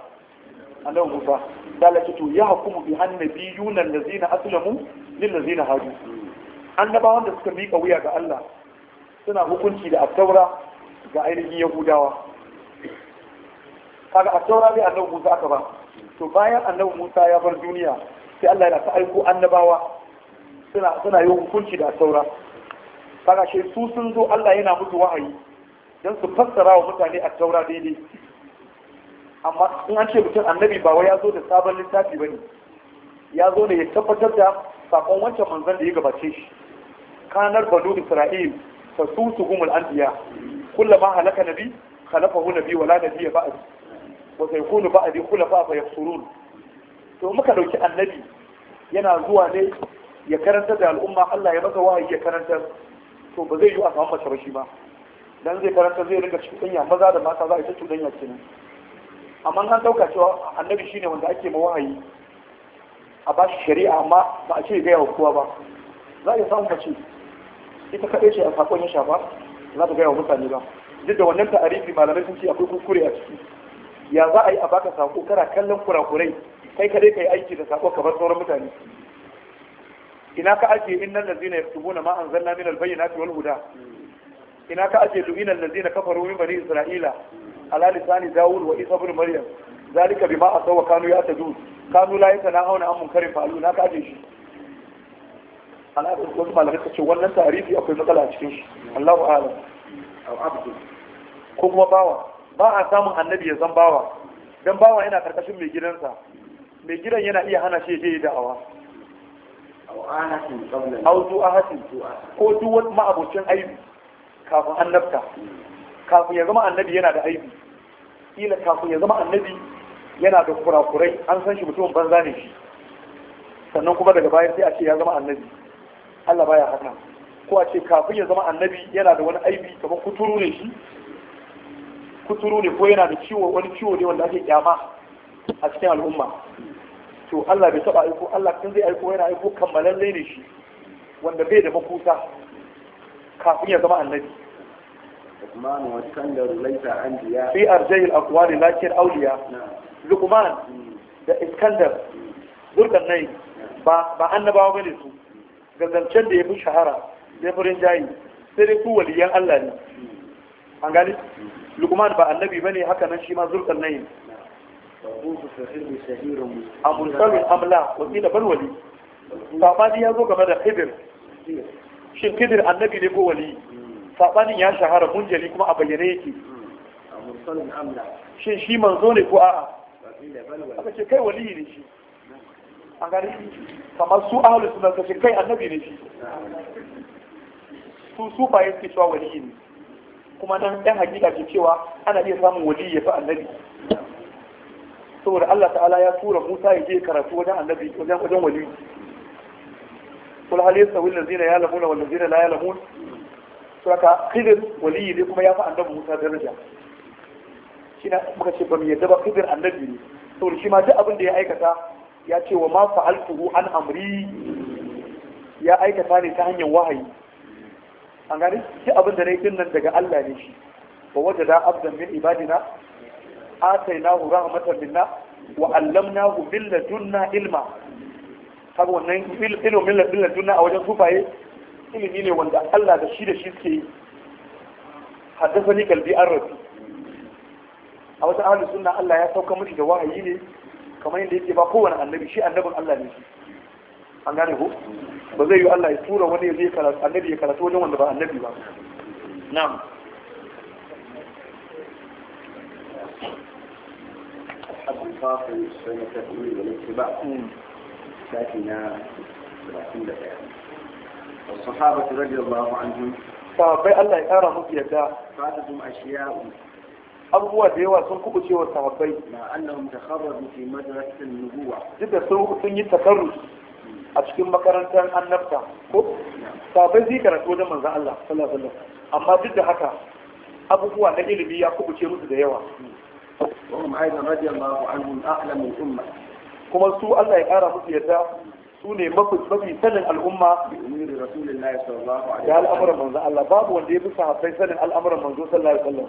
annabi Musa da Allah ya ya hukumu bi annabiyuna allazina aslamu lil ladzina hadu annabawan da suka miƙa wuya ga Allah suna hukunci da at-taura ga ainihin Yahudawa kaga a taura ne annabi Musa aka ba to bayan annabi Musa ya bar duniya sai Allah ya sa aiko annabawa suna suna yin hukunci da taura kaga shi su sun zo Allah yana musu wahayi dan su fassara wa mutane a taura daidai amma in an ce mutum annabi ba wai ya zo da sabon littafi bane ya zo ne ya tabbatar da sakon wancan manzon da ya gabace shi kanar banu isra'il fasusuhumul anbiya kullama halaka nabi khalafahu nabi wala nabiya ba'd wa sai kunu ba abi kula fa ya yafsurun to muka dauki annabi yana zuwa ne ya karanta da al'umma Allah ya masa wahayi ya karanta to ba zai yi a samu mace ba shi ba dan zai karanta zai rinka cuɗanya maza da mata za a yi ta kenan amma an dauka cewa annabi shine wanda ake ma wahayi a ba shi shari'a amma ba a ce gaya wa kowa ba za a iya samun mace ita kaɗai ce a sakon ya shafa za ta gaya wa mutane ba duk da wannan ta'arifi malamai sun ce akwai kukure a ciki ya za a yi a baka sako kana kallon kurakurai kai kadai kai aiki da sako kamar sauran mutane ina ka ake innal ladzina yaktubuna ma anzalna min albayyinati wal huda ina ka ake lu'ina allazina kafaru min bani isra'ila ala lisani dawud wa isa ibn maryam zalika bima asaw wa kanu ya'tadun kanu la yatanahawna an munkarin fa'alu na ka ake shi al'adun wasu malamai ta ce wannan tarihi akwai matsala a cikin shi Allahu a'lam ko kuma bawa ba a samun annabi ya zan bawa don bawa yana karkashin mai gidansa mai gidan yana iya hana shi ya je da'awa au a ahatin ko duk wani ma'abocin aibi kafin annabta kafin ya zama annabi yana da aibi ila kafin ya zama annabi yana da kurakurai an san shi mutumin banza ne shi sannan kuma daga bayan sai a ce ya zama annabi Allah baya hana. ko a ce kafin ya zama annabi yana da wani aibi kamar kuturu ne shi kuturu ne ko yana da ciwo wani ciwo ne wanda ake kyama a cikin al'umma to Allah bai taba aiko Allah kan zai aiko yana aiko kammalan ne shi wanda bai da makusa kafin ya zama annabi Uthman wa Sandar laita anbiya fi arjayil aqwal lakin awliya Luqman da Iskandar dukkan nai ba ba annabawa bane su gazancen da ya fi shahara ya fi rinjayi sai dai ku waliyan Allah ne an gani mm. lukman ba annabi bane haka nan shi ma zulkan nayin abu salin amla wakila balwali saɓani ya zo game da khidir shin khidir annabi ne ko wali saɓanin ya shahara munjali kuma a bayyane yake shin shi manzo ne ko a'a aka ce kai wali ne shi an gani kamar su ahalus suna kai annabi ne shi su sufaye suke cewa wali ne kuma nan ɗan hakika ke cewa ana iya samun waje ya fi annabi saboda Allah ta'ala ya tura Musa ya je karatu wajen annabi wajen wajen wali kul hal yasawi allazina ya'lamuna wal ladzina la ya'lamun saka khidir wali ne kuma ya fi annabi Musa daraja shine muka ce ba mu yadda ba khidir annabi ne saboda shi ma duk abin da ya aikata ya ce wa ma fa'altuhu an amri ya aikata ne ta hanyar wahayi an gani shi abin da na yi din nan daga Allah ne shi wa wajen da abdan min ibadina a sai na atainahu rahmatan minna wa hu min ladunna ilma kaga wannan ilimin min ladunna a wajen kufaye ilimi ne wanda Allah da shi da shi suke ni kalbi an rabi a wata ahalin sunna Allah ya sauka mishi da wahayi ne kamar yadda yake ba kowane annabi shi annabin Allah ne shi an gane ko ba zai yi Allah ya tura wani ya karatu annabi ya karatu wajen wanda ba annabi ba na'am الفاصل بين التدوين والاتباع ساكنة 31 والصحابة رضي الله عنهم sahabbai Allah ya kara musu yadda fatihum ashiyahu abubuwa da yawa sun kuɓu cewa sahabbai na annahum takharraju fi madrasatin nubuwa duk da sun yi takarruji a cikin makarantar annabta ko sabai zai karatu wajen manzan Allah sallallahu alaihi wasallam amma duk da haka abubuwa na ilimi ya kubuce musu da yawa kuma su Allah ya kara musu yadda su ne mafi sanin al'umma da al'amuran manzan Allah babu wanda ya fi sahabbai sanin al'amuran manzo sallallahu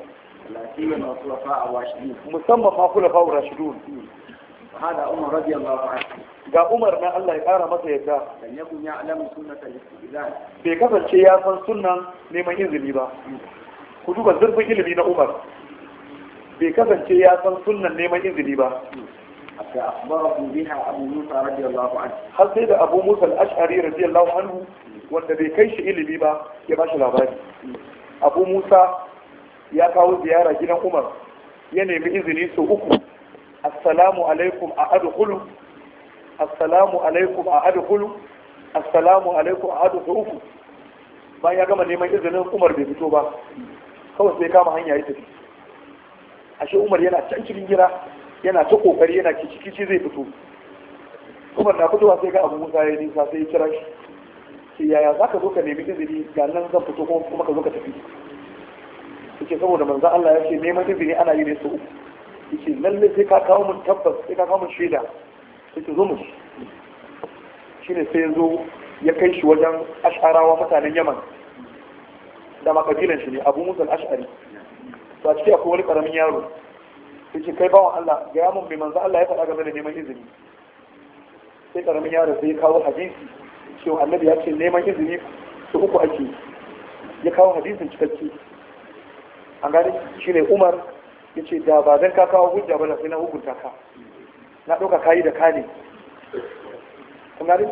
alaihi wasallam musamman ma kula fa'a washidun ga umar na Allah ya kara masa yadda dan yakun ya bai kasance ya san sunnan neman izini ba ku duba zurfin ilimi na umar bai kasance ya san sunnan neman izini ba hatta akhbarahu biha abu musa radiyallahu anhu har sai da abu musa al-ash'ari radiyallahu anhu wanda bai kai shi ilimi ba ya bashi labari abu musa ya kawo ziyara gidan umar ya nemi izini sau uku assalamu alaikum a adkhulu assalamu alaikum a adkhulu assalamu alaikum a adkhulu bayan ya gama neman izinin Umar bai fito ba kawai sai kama hanya ya tafi ashe Umar yana can cikin gida yana ta kokari yana kici zai fito Umar na fitowa sai ga Abu Musa ya nisa sai ya kira shi yaya za ka zo ka nemi izini ga nan zan fito kuma ka zo ka tafi yake saboda manzo Allah ya ce neman izini ana yi ne su uku yace lalle sai ka kawo mun tabbas sai ka kawo mun shaida yace zo mu shine sai ya zo ya kai shi wajen ash'arawa mutanen yaman da makabilan shi ne abu musa al-ash'ari to a ciki akwai wani karamin yaro yace kai bawan Allah ga ya mun bai manzo Allah ya faɗa game da neman izini sai karamin yaro sai ya kawo hadisi cewa annabi ya ce neman izini su uku ake ya kawo hadisin cikakke an gane ne Umar Yace da ba zan ka kawo hujja ba sai na hukunta ka na ɗauka kayi da ka ne kuma ne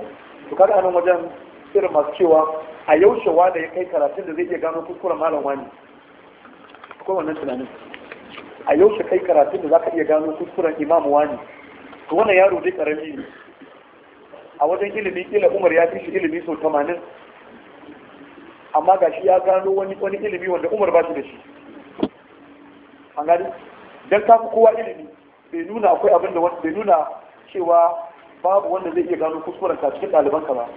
to kaga anan wajen irin masu cewa a yaushe da ya kai karatun da zai iya gano kuskuren malam wani akwai wannan tunanin a yaushe kai karatun da zaka iya gano kuskuren imam wani to wannan yaro dai karami ne a wajen ilimi ila umar ya fi shi ilimi sau tamanin amma gashi ya gano wani wani ilimi wanda umar ba shi da shi an gani don ka fi kowa ilimi bai nuna akwai abin da bai nuna cewa babu wanda zai iya gano kuskuren ka cikin ɗalibanka ba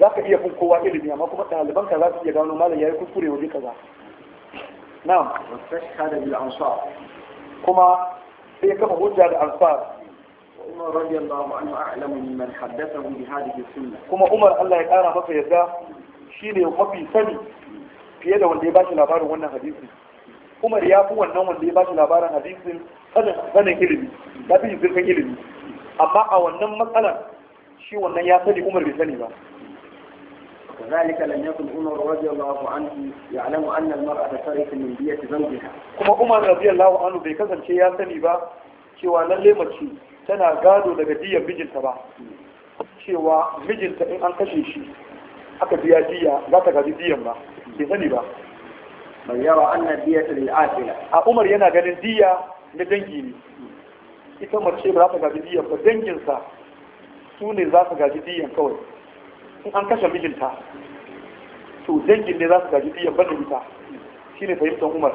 za ka iya fi kowa ilimi amma kuma ɗalibanka za su iya gano malam yayi kuskure waje kaza na'am kuma sai kama hujja da ansar عمر رضي الله عنه أعلم ممن حدثه بهذه السنة كما عمر الله يقارى ما في يدا شيء mafi sani fiye da wanda ya bashi labarin wannan hadisi. umar ya fi wannan wanda ya ba shi labarin hadisin sanin ilimi ya fi zirfin ilimi amma a wannan matsalar shi wannan ya sani umar bai sani ba وذلك لم da عمر رضي الله kuma Umar radiyallahu anhu bai kasance ya sani ba cewa lalle mace tana gado daga diyar mijinta ba cewa mijinta in an kashe shi aka biya diya za ta gaji diyan ba bai sani ba man yara anna diyata lil asila a Umar yana ganin diya na dangi ne ita mace ba za ta gaji diyan ba danginsa su ne za su gaji diyan kawai in an kashe mijinta to dangin ne za su gaji diyan bane ita shine fahimtar Umar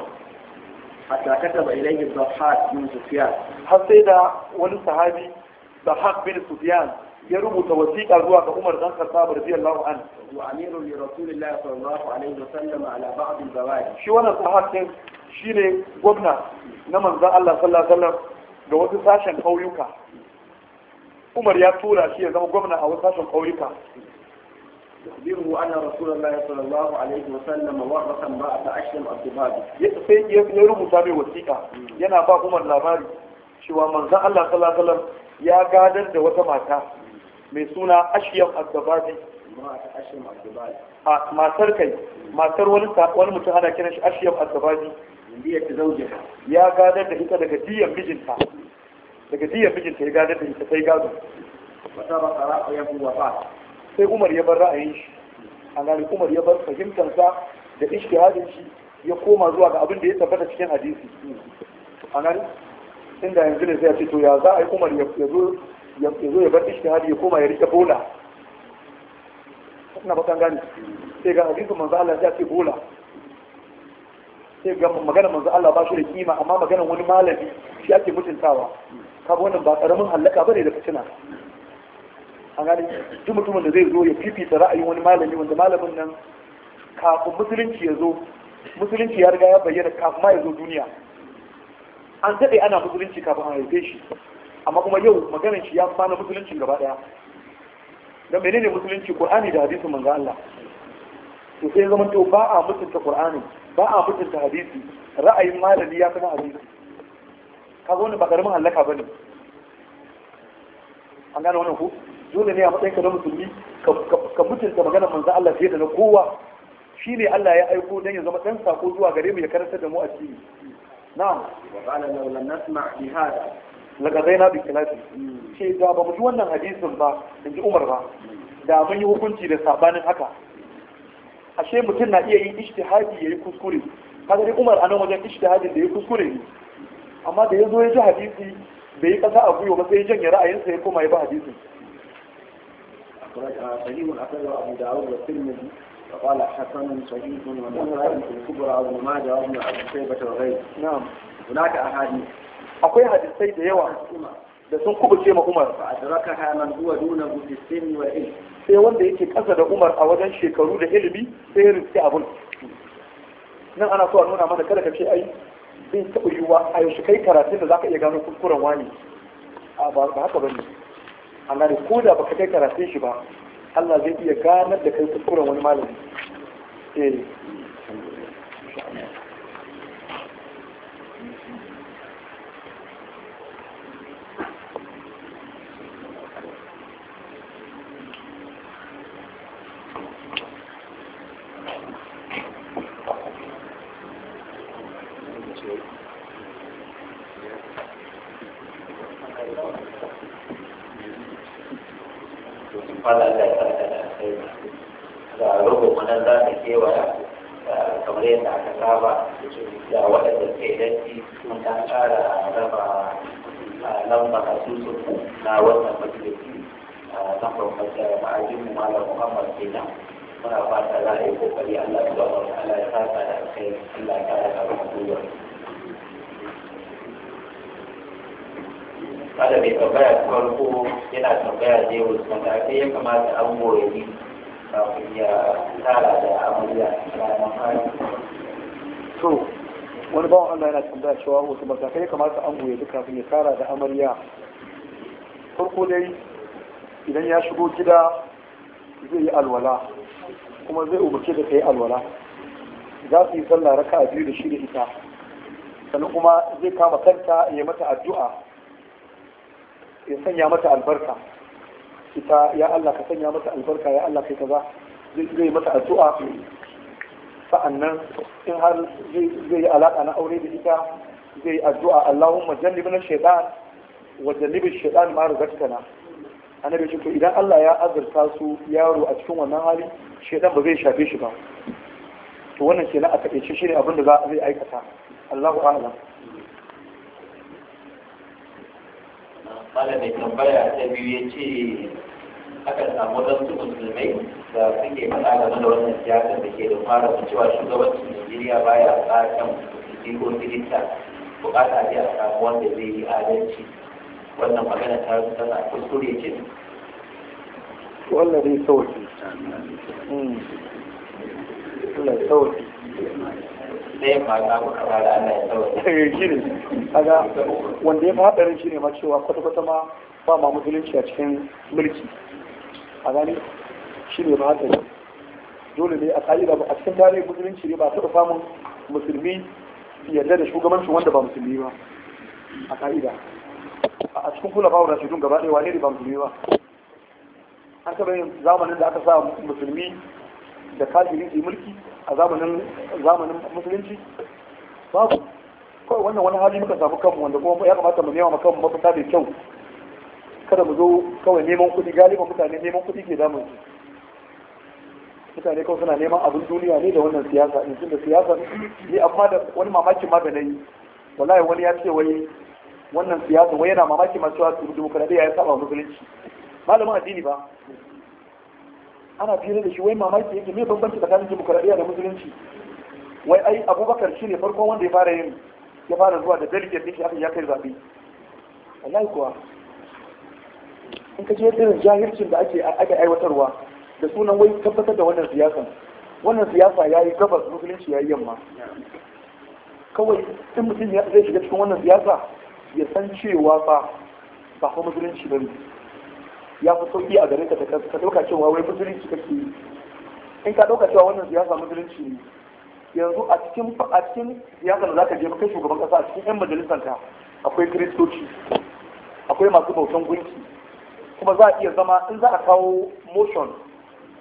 hatta kataba ilayhi Dhahhak bin Sufyan har sai da wani sahabi Dhahhak bin Sufyan ya rubuta wasiƙa zuwa ga Umar dan Khattab radiyallahu anhu wa amiru li rasulillahi sallallahu alaihi wa sallam ala ba'd al-zawaj shi wannan sahabin shine gwamna na manzon Allah sallallahu alaihi wasallam ga wasu sashen kauyuka Umar ya tura shi ya zama gwamna a wasu sashen kauyuka يخبره أن رسول الله صلى الله عليه وسلم ورث امرأة أشلم أصحابه sai ya rubuta mai wasiƙa yana ba Umar labari cewa manzon Allah sallallahu alaihi wasallam ya gadar da wata mata mai suna ashiyar al-dababi a matar kai matar wani mutum ana kiran shi ashiyar al-dababi ya gadar da ita daga diyan mijinta daga diyan mijinta ya gadar da ita sai gado sai umar ya bar ra'ayin shi A gani umar ya bar fahimtarsa da ishtihadin shi ya koma zuwa ga abin da ya tabbata cikin hadisi A gani, inda yanzu ne sai ya ce to ya za a yi umar ya zo ya zo ya bar hadi ya koma ya rike bola na bakan gani sai ga hadisin manzo Allah ya ce bola sai ga magana manzo Allah ba shi da kima amma maganar wani malami shi ake mutuntawa ka wannan ba karamin halaka bane da fitina an gani duk mutumin da zai zo ya fifita ra'ayin wani malami wanda malamin nan kafin musulunci ya zo musulunci ya riga ya bayyana kafin ma ya zo duniya an daɗe ana musulunci kafin a haife shi amma kuma yau maganar shi ya fana musuluncin musulunci gaba daya dan menene musulunci qur'ani da hadisi manzo Allah to sai zaman to ba a mutunta qur'ani ba a mutunta hadisi ra'ayin malami ya kana hadisi kaga wannan ba karamin halaka bane an gane wannan ku dole ne a matsayin ka na musulmi ka mutunta maganar manzo Allah fiye da na kowa Shi ne Allah ya aiko dan ya zama dan sako zuwa gare mu ya karantar da mu addini na'am wa qala law lam nasma' bi hada lakazai na bikin lafi ce da ba mu ji wannan hadisin ba in ji umar ba da mun yi hukunci da sabanin haka ashe mutum na iya yin ishtihadi ya yi kuskure kaga dai umar a nan wajen ishtihadin da ya kuskure ne amma da ya zo ya ji hadisi bai yi kasa a gwiwa ba sai ya janye ra'ayinsa ya koma ya ba hadisin صحيح حسن صحيح والنسائي الكبرى وابن ماجه وابن أبي شيبة وغيره. نعم. هناك أحاديث akwai hadisai da yawa da sun kubuce ma Umar sai wanda yake kasa da Umar a wajen shekaru da ilimi sai ya riske abun nan ana so a nuna mana kada ka ce ai bin taɓa yiwuwa a yaushe kai karatun da za ka iya gano kuskuren wani a ba haka bane amma da ko da ka kai karatun shi ba Allah zai iya ganar da kai kuskuren wani malami eh. za a yi kokari Allah ya ba wani Allah ya fata da kai Allah ya kara ka ba duwa kada mai tambaya farko yana tambaya ne wasu matakai ya kamata an goye ni kafin ya tara da amarya ranar fari to wani bawan Allah yana tambaya cewa wasu matakai ya kamata an goye duka kafin ya tara da amarya farko dai idan ya shigo gida zai yi alwala kuma zai umarci da ta yi alwala za su yi sallah raka a biyu da shi da ita sannan kuma zai kama kanta ya mata addu'a ya sanya mata albarka ita ya Allah ka sanya mata albarka ya Allah kai kaza zai mata addu'a nan in har zai yi alaƙa na aure da ita zai addu'a Allahumma jannibna shaytan wa jannibna shaytan ma razaqtana annabi ce to idan Allah ya azurta su yaro a cikin wannan hali shedan ba zai shafe shi ba to wannan kenan a takaice shi ne abin da za a zai aikata Allahu a'lam malam tambaya ta biyu ya ce aka samu wasu musulmai da suke faɗa game da wannan siyasar da ke da fara cewa shugabancin Najeriya baya tsakan iko kirista bukata ya a samu wanda zai yi adalci wannan magana ta su tana kuskure ce wallahi sauki hmm. Allah sauki sai ma ga muka fara Allah ya sauki eh, shi ne kaga wanda ya fada ran shi ne ma cewa kwata kwata ma ba ma musulunci a cikin mulki a gani shi ne ba haka dole ne a ka'ida ba a cikin tarihin musulunci ne ba taɓa samun musulmi yarda da shugabancin wanda ba musulmi ba a ka'ida a cikin kula bawon rashidun gaba ɗaya wane ne ba musulmi ba an taɓa yin zamanin da aka sa musulmi da kajirin su mulki a zamanin zamanin musulunci babu kawai wannan wani hali muka samu kanmu wanda kuma ya kamata mu nema kanmu mafita mai kyau kada mu zo kawai neman kuɗi galiban mutane neman kuɗi ke damun su mutane kawai suna neman abin duniya ne da wannan siyasa in da siyasa ne amma da wani mamakin ma da na yi wallahi wani ya ce wai wannan siyasa wai yana mamaki masu cewa dimokuraɗiyya ya saba musulunci malamin addini ba ana fiye da shi wai mamaki yake mai bambanci tsakanin dimokuraɗiyya da musulunci wai ai abubakar shi ne farkon wanda ya fara yin ya fara zuwa da delegate da shi aka ya kai zaɓe wallahi kuwa in ka je irin jahilcin da ake ake aiwatarwa da sunan wai tabbatar da wannan siyasa, wannan siyasa ya yi gabas musulunci ya yi yamma kawai in mutum ya zai shiga cikin wannan siyasa ya san cewa ba ba kuma musulunci ba ya fi sauki a gare ka ka dauka cewa wai musulunci kake yi in ka ɗauka cewa wannan siyasa musulunci ne yanzu a cikin a cikin siyasa da zaka je kai shugaban kasa a cikin yan majalisar ka akwai kristoci akwai masu bautan gunki kuma za a iya zama in za a kawo motion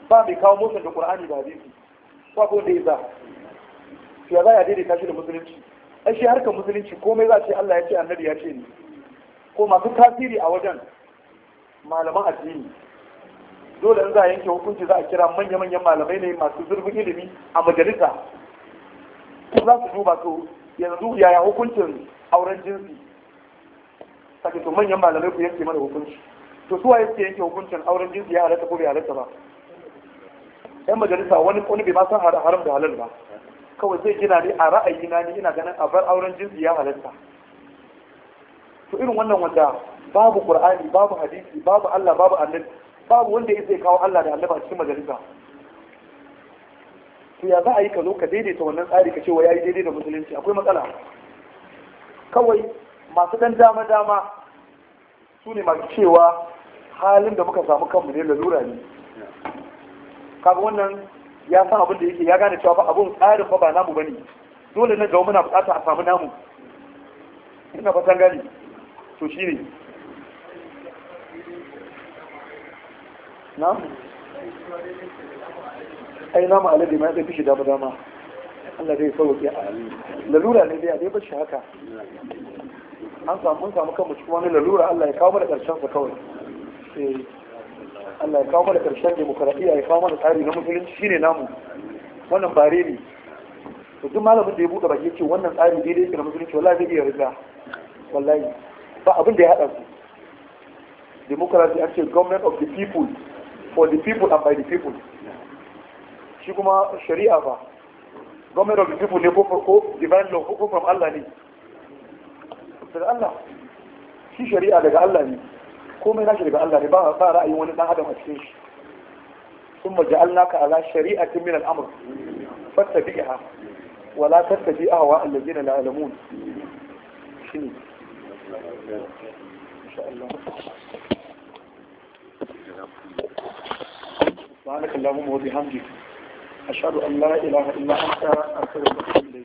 ba mai kawo motion da qur'ani da hadisi ko akwai wanda ya za ya daidaita shi da musulunci ai shi harkar musulunci komai za ce Allah ya ce annabi ya ce ni ko masu tasiri a wajen malaman addini dole in za a yanke hukunci za a kira manya-manyan malamai ne masu zurfin ilimi a majalisa ko za su duba to yanzu yaya hukuncin auren jinsi sake to manyan malamai ku yanke mana hukunci to suwa yake yanke hukuncin auren jinsi ya halatta ko bai halatta ba yan majalisa wani wani bai ma san haram da halal ba kawai zai gina ne a na ne ina ganin a bar auren jinsi ya halatta to irin wannan wanda babu qur'ani babu hadisi babu Allah babu annabi babu wanda yake kawo Allah da annabi a cikin majalisa to ya za a yi ka zo ka daidaita wannan tsari ka ce wa yayi daidai da musulunci akwai matsala kawai masu dan dama dama su ne masu cewa halin da muka samu kanmu ne lalura ne kaga wannan ya san abin da yake ya gane cewa ba abun tsarin ba ba namu bane dole na gaba muna bukata a samu namu ina fatan gani to shine na ai namu alade ma zai fi da dama dama Allah zai sauke a lalura ne dai a dai bashi haka an samu mun samu kanmu cikin wani lalura Allah ya kawo mana karshen sa kawai eh. Allah ya kawo mana karshen demokradiyya ya kawo mana tsari na musulunci shine namu wannan bare ne to duk malamin da ya buɗe baki ce wannan tsari daidai yake na musulunci wallahi zai iya riga wallahi ba abin da ya haɗa su democracy an ce government of the people for the people and by the people shi kuma shari'a ba government of the people ne ko farko divine law ko from Allah ne daga Allah shi shari'a daga Allah ne komai nashi daga Allah ne ba ba ra'ayin wani dan adam a cikin shi ثم جعلناك على شريعة من الأمر فاتبعها ولا تتبع أهواء الذين لا يعلمون شنو إن شاء الله سبحانك اللهم وبحمدك أشهد أن لا إله إلا أنت أستغفرك وأتوب إليك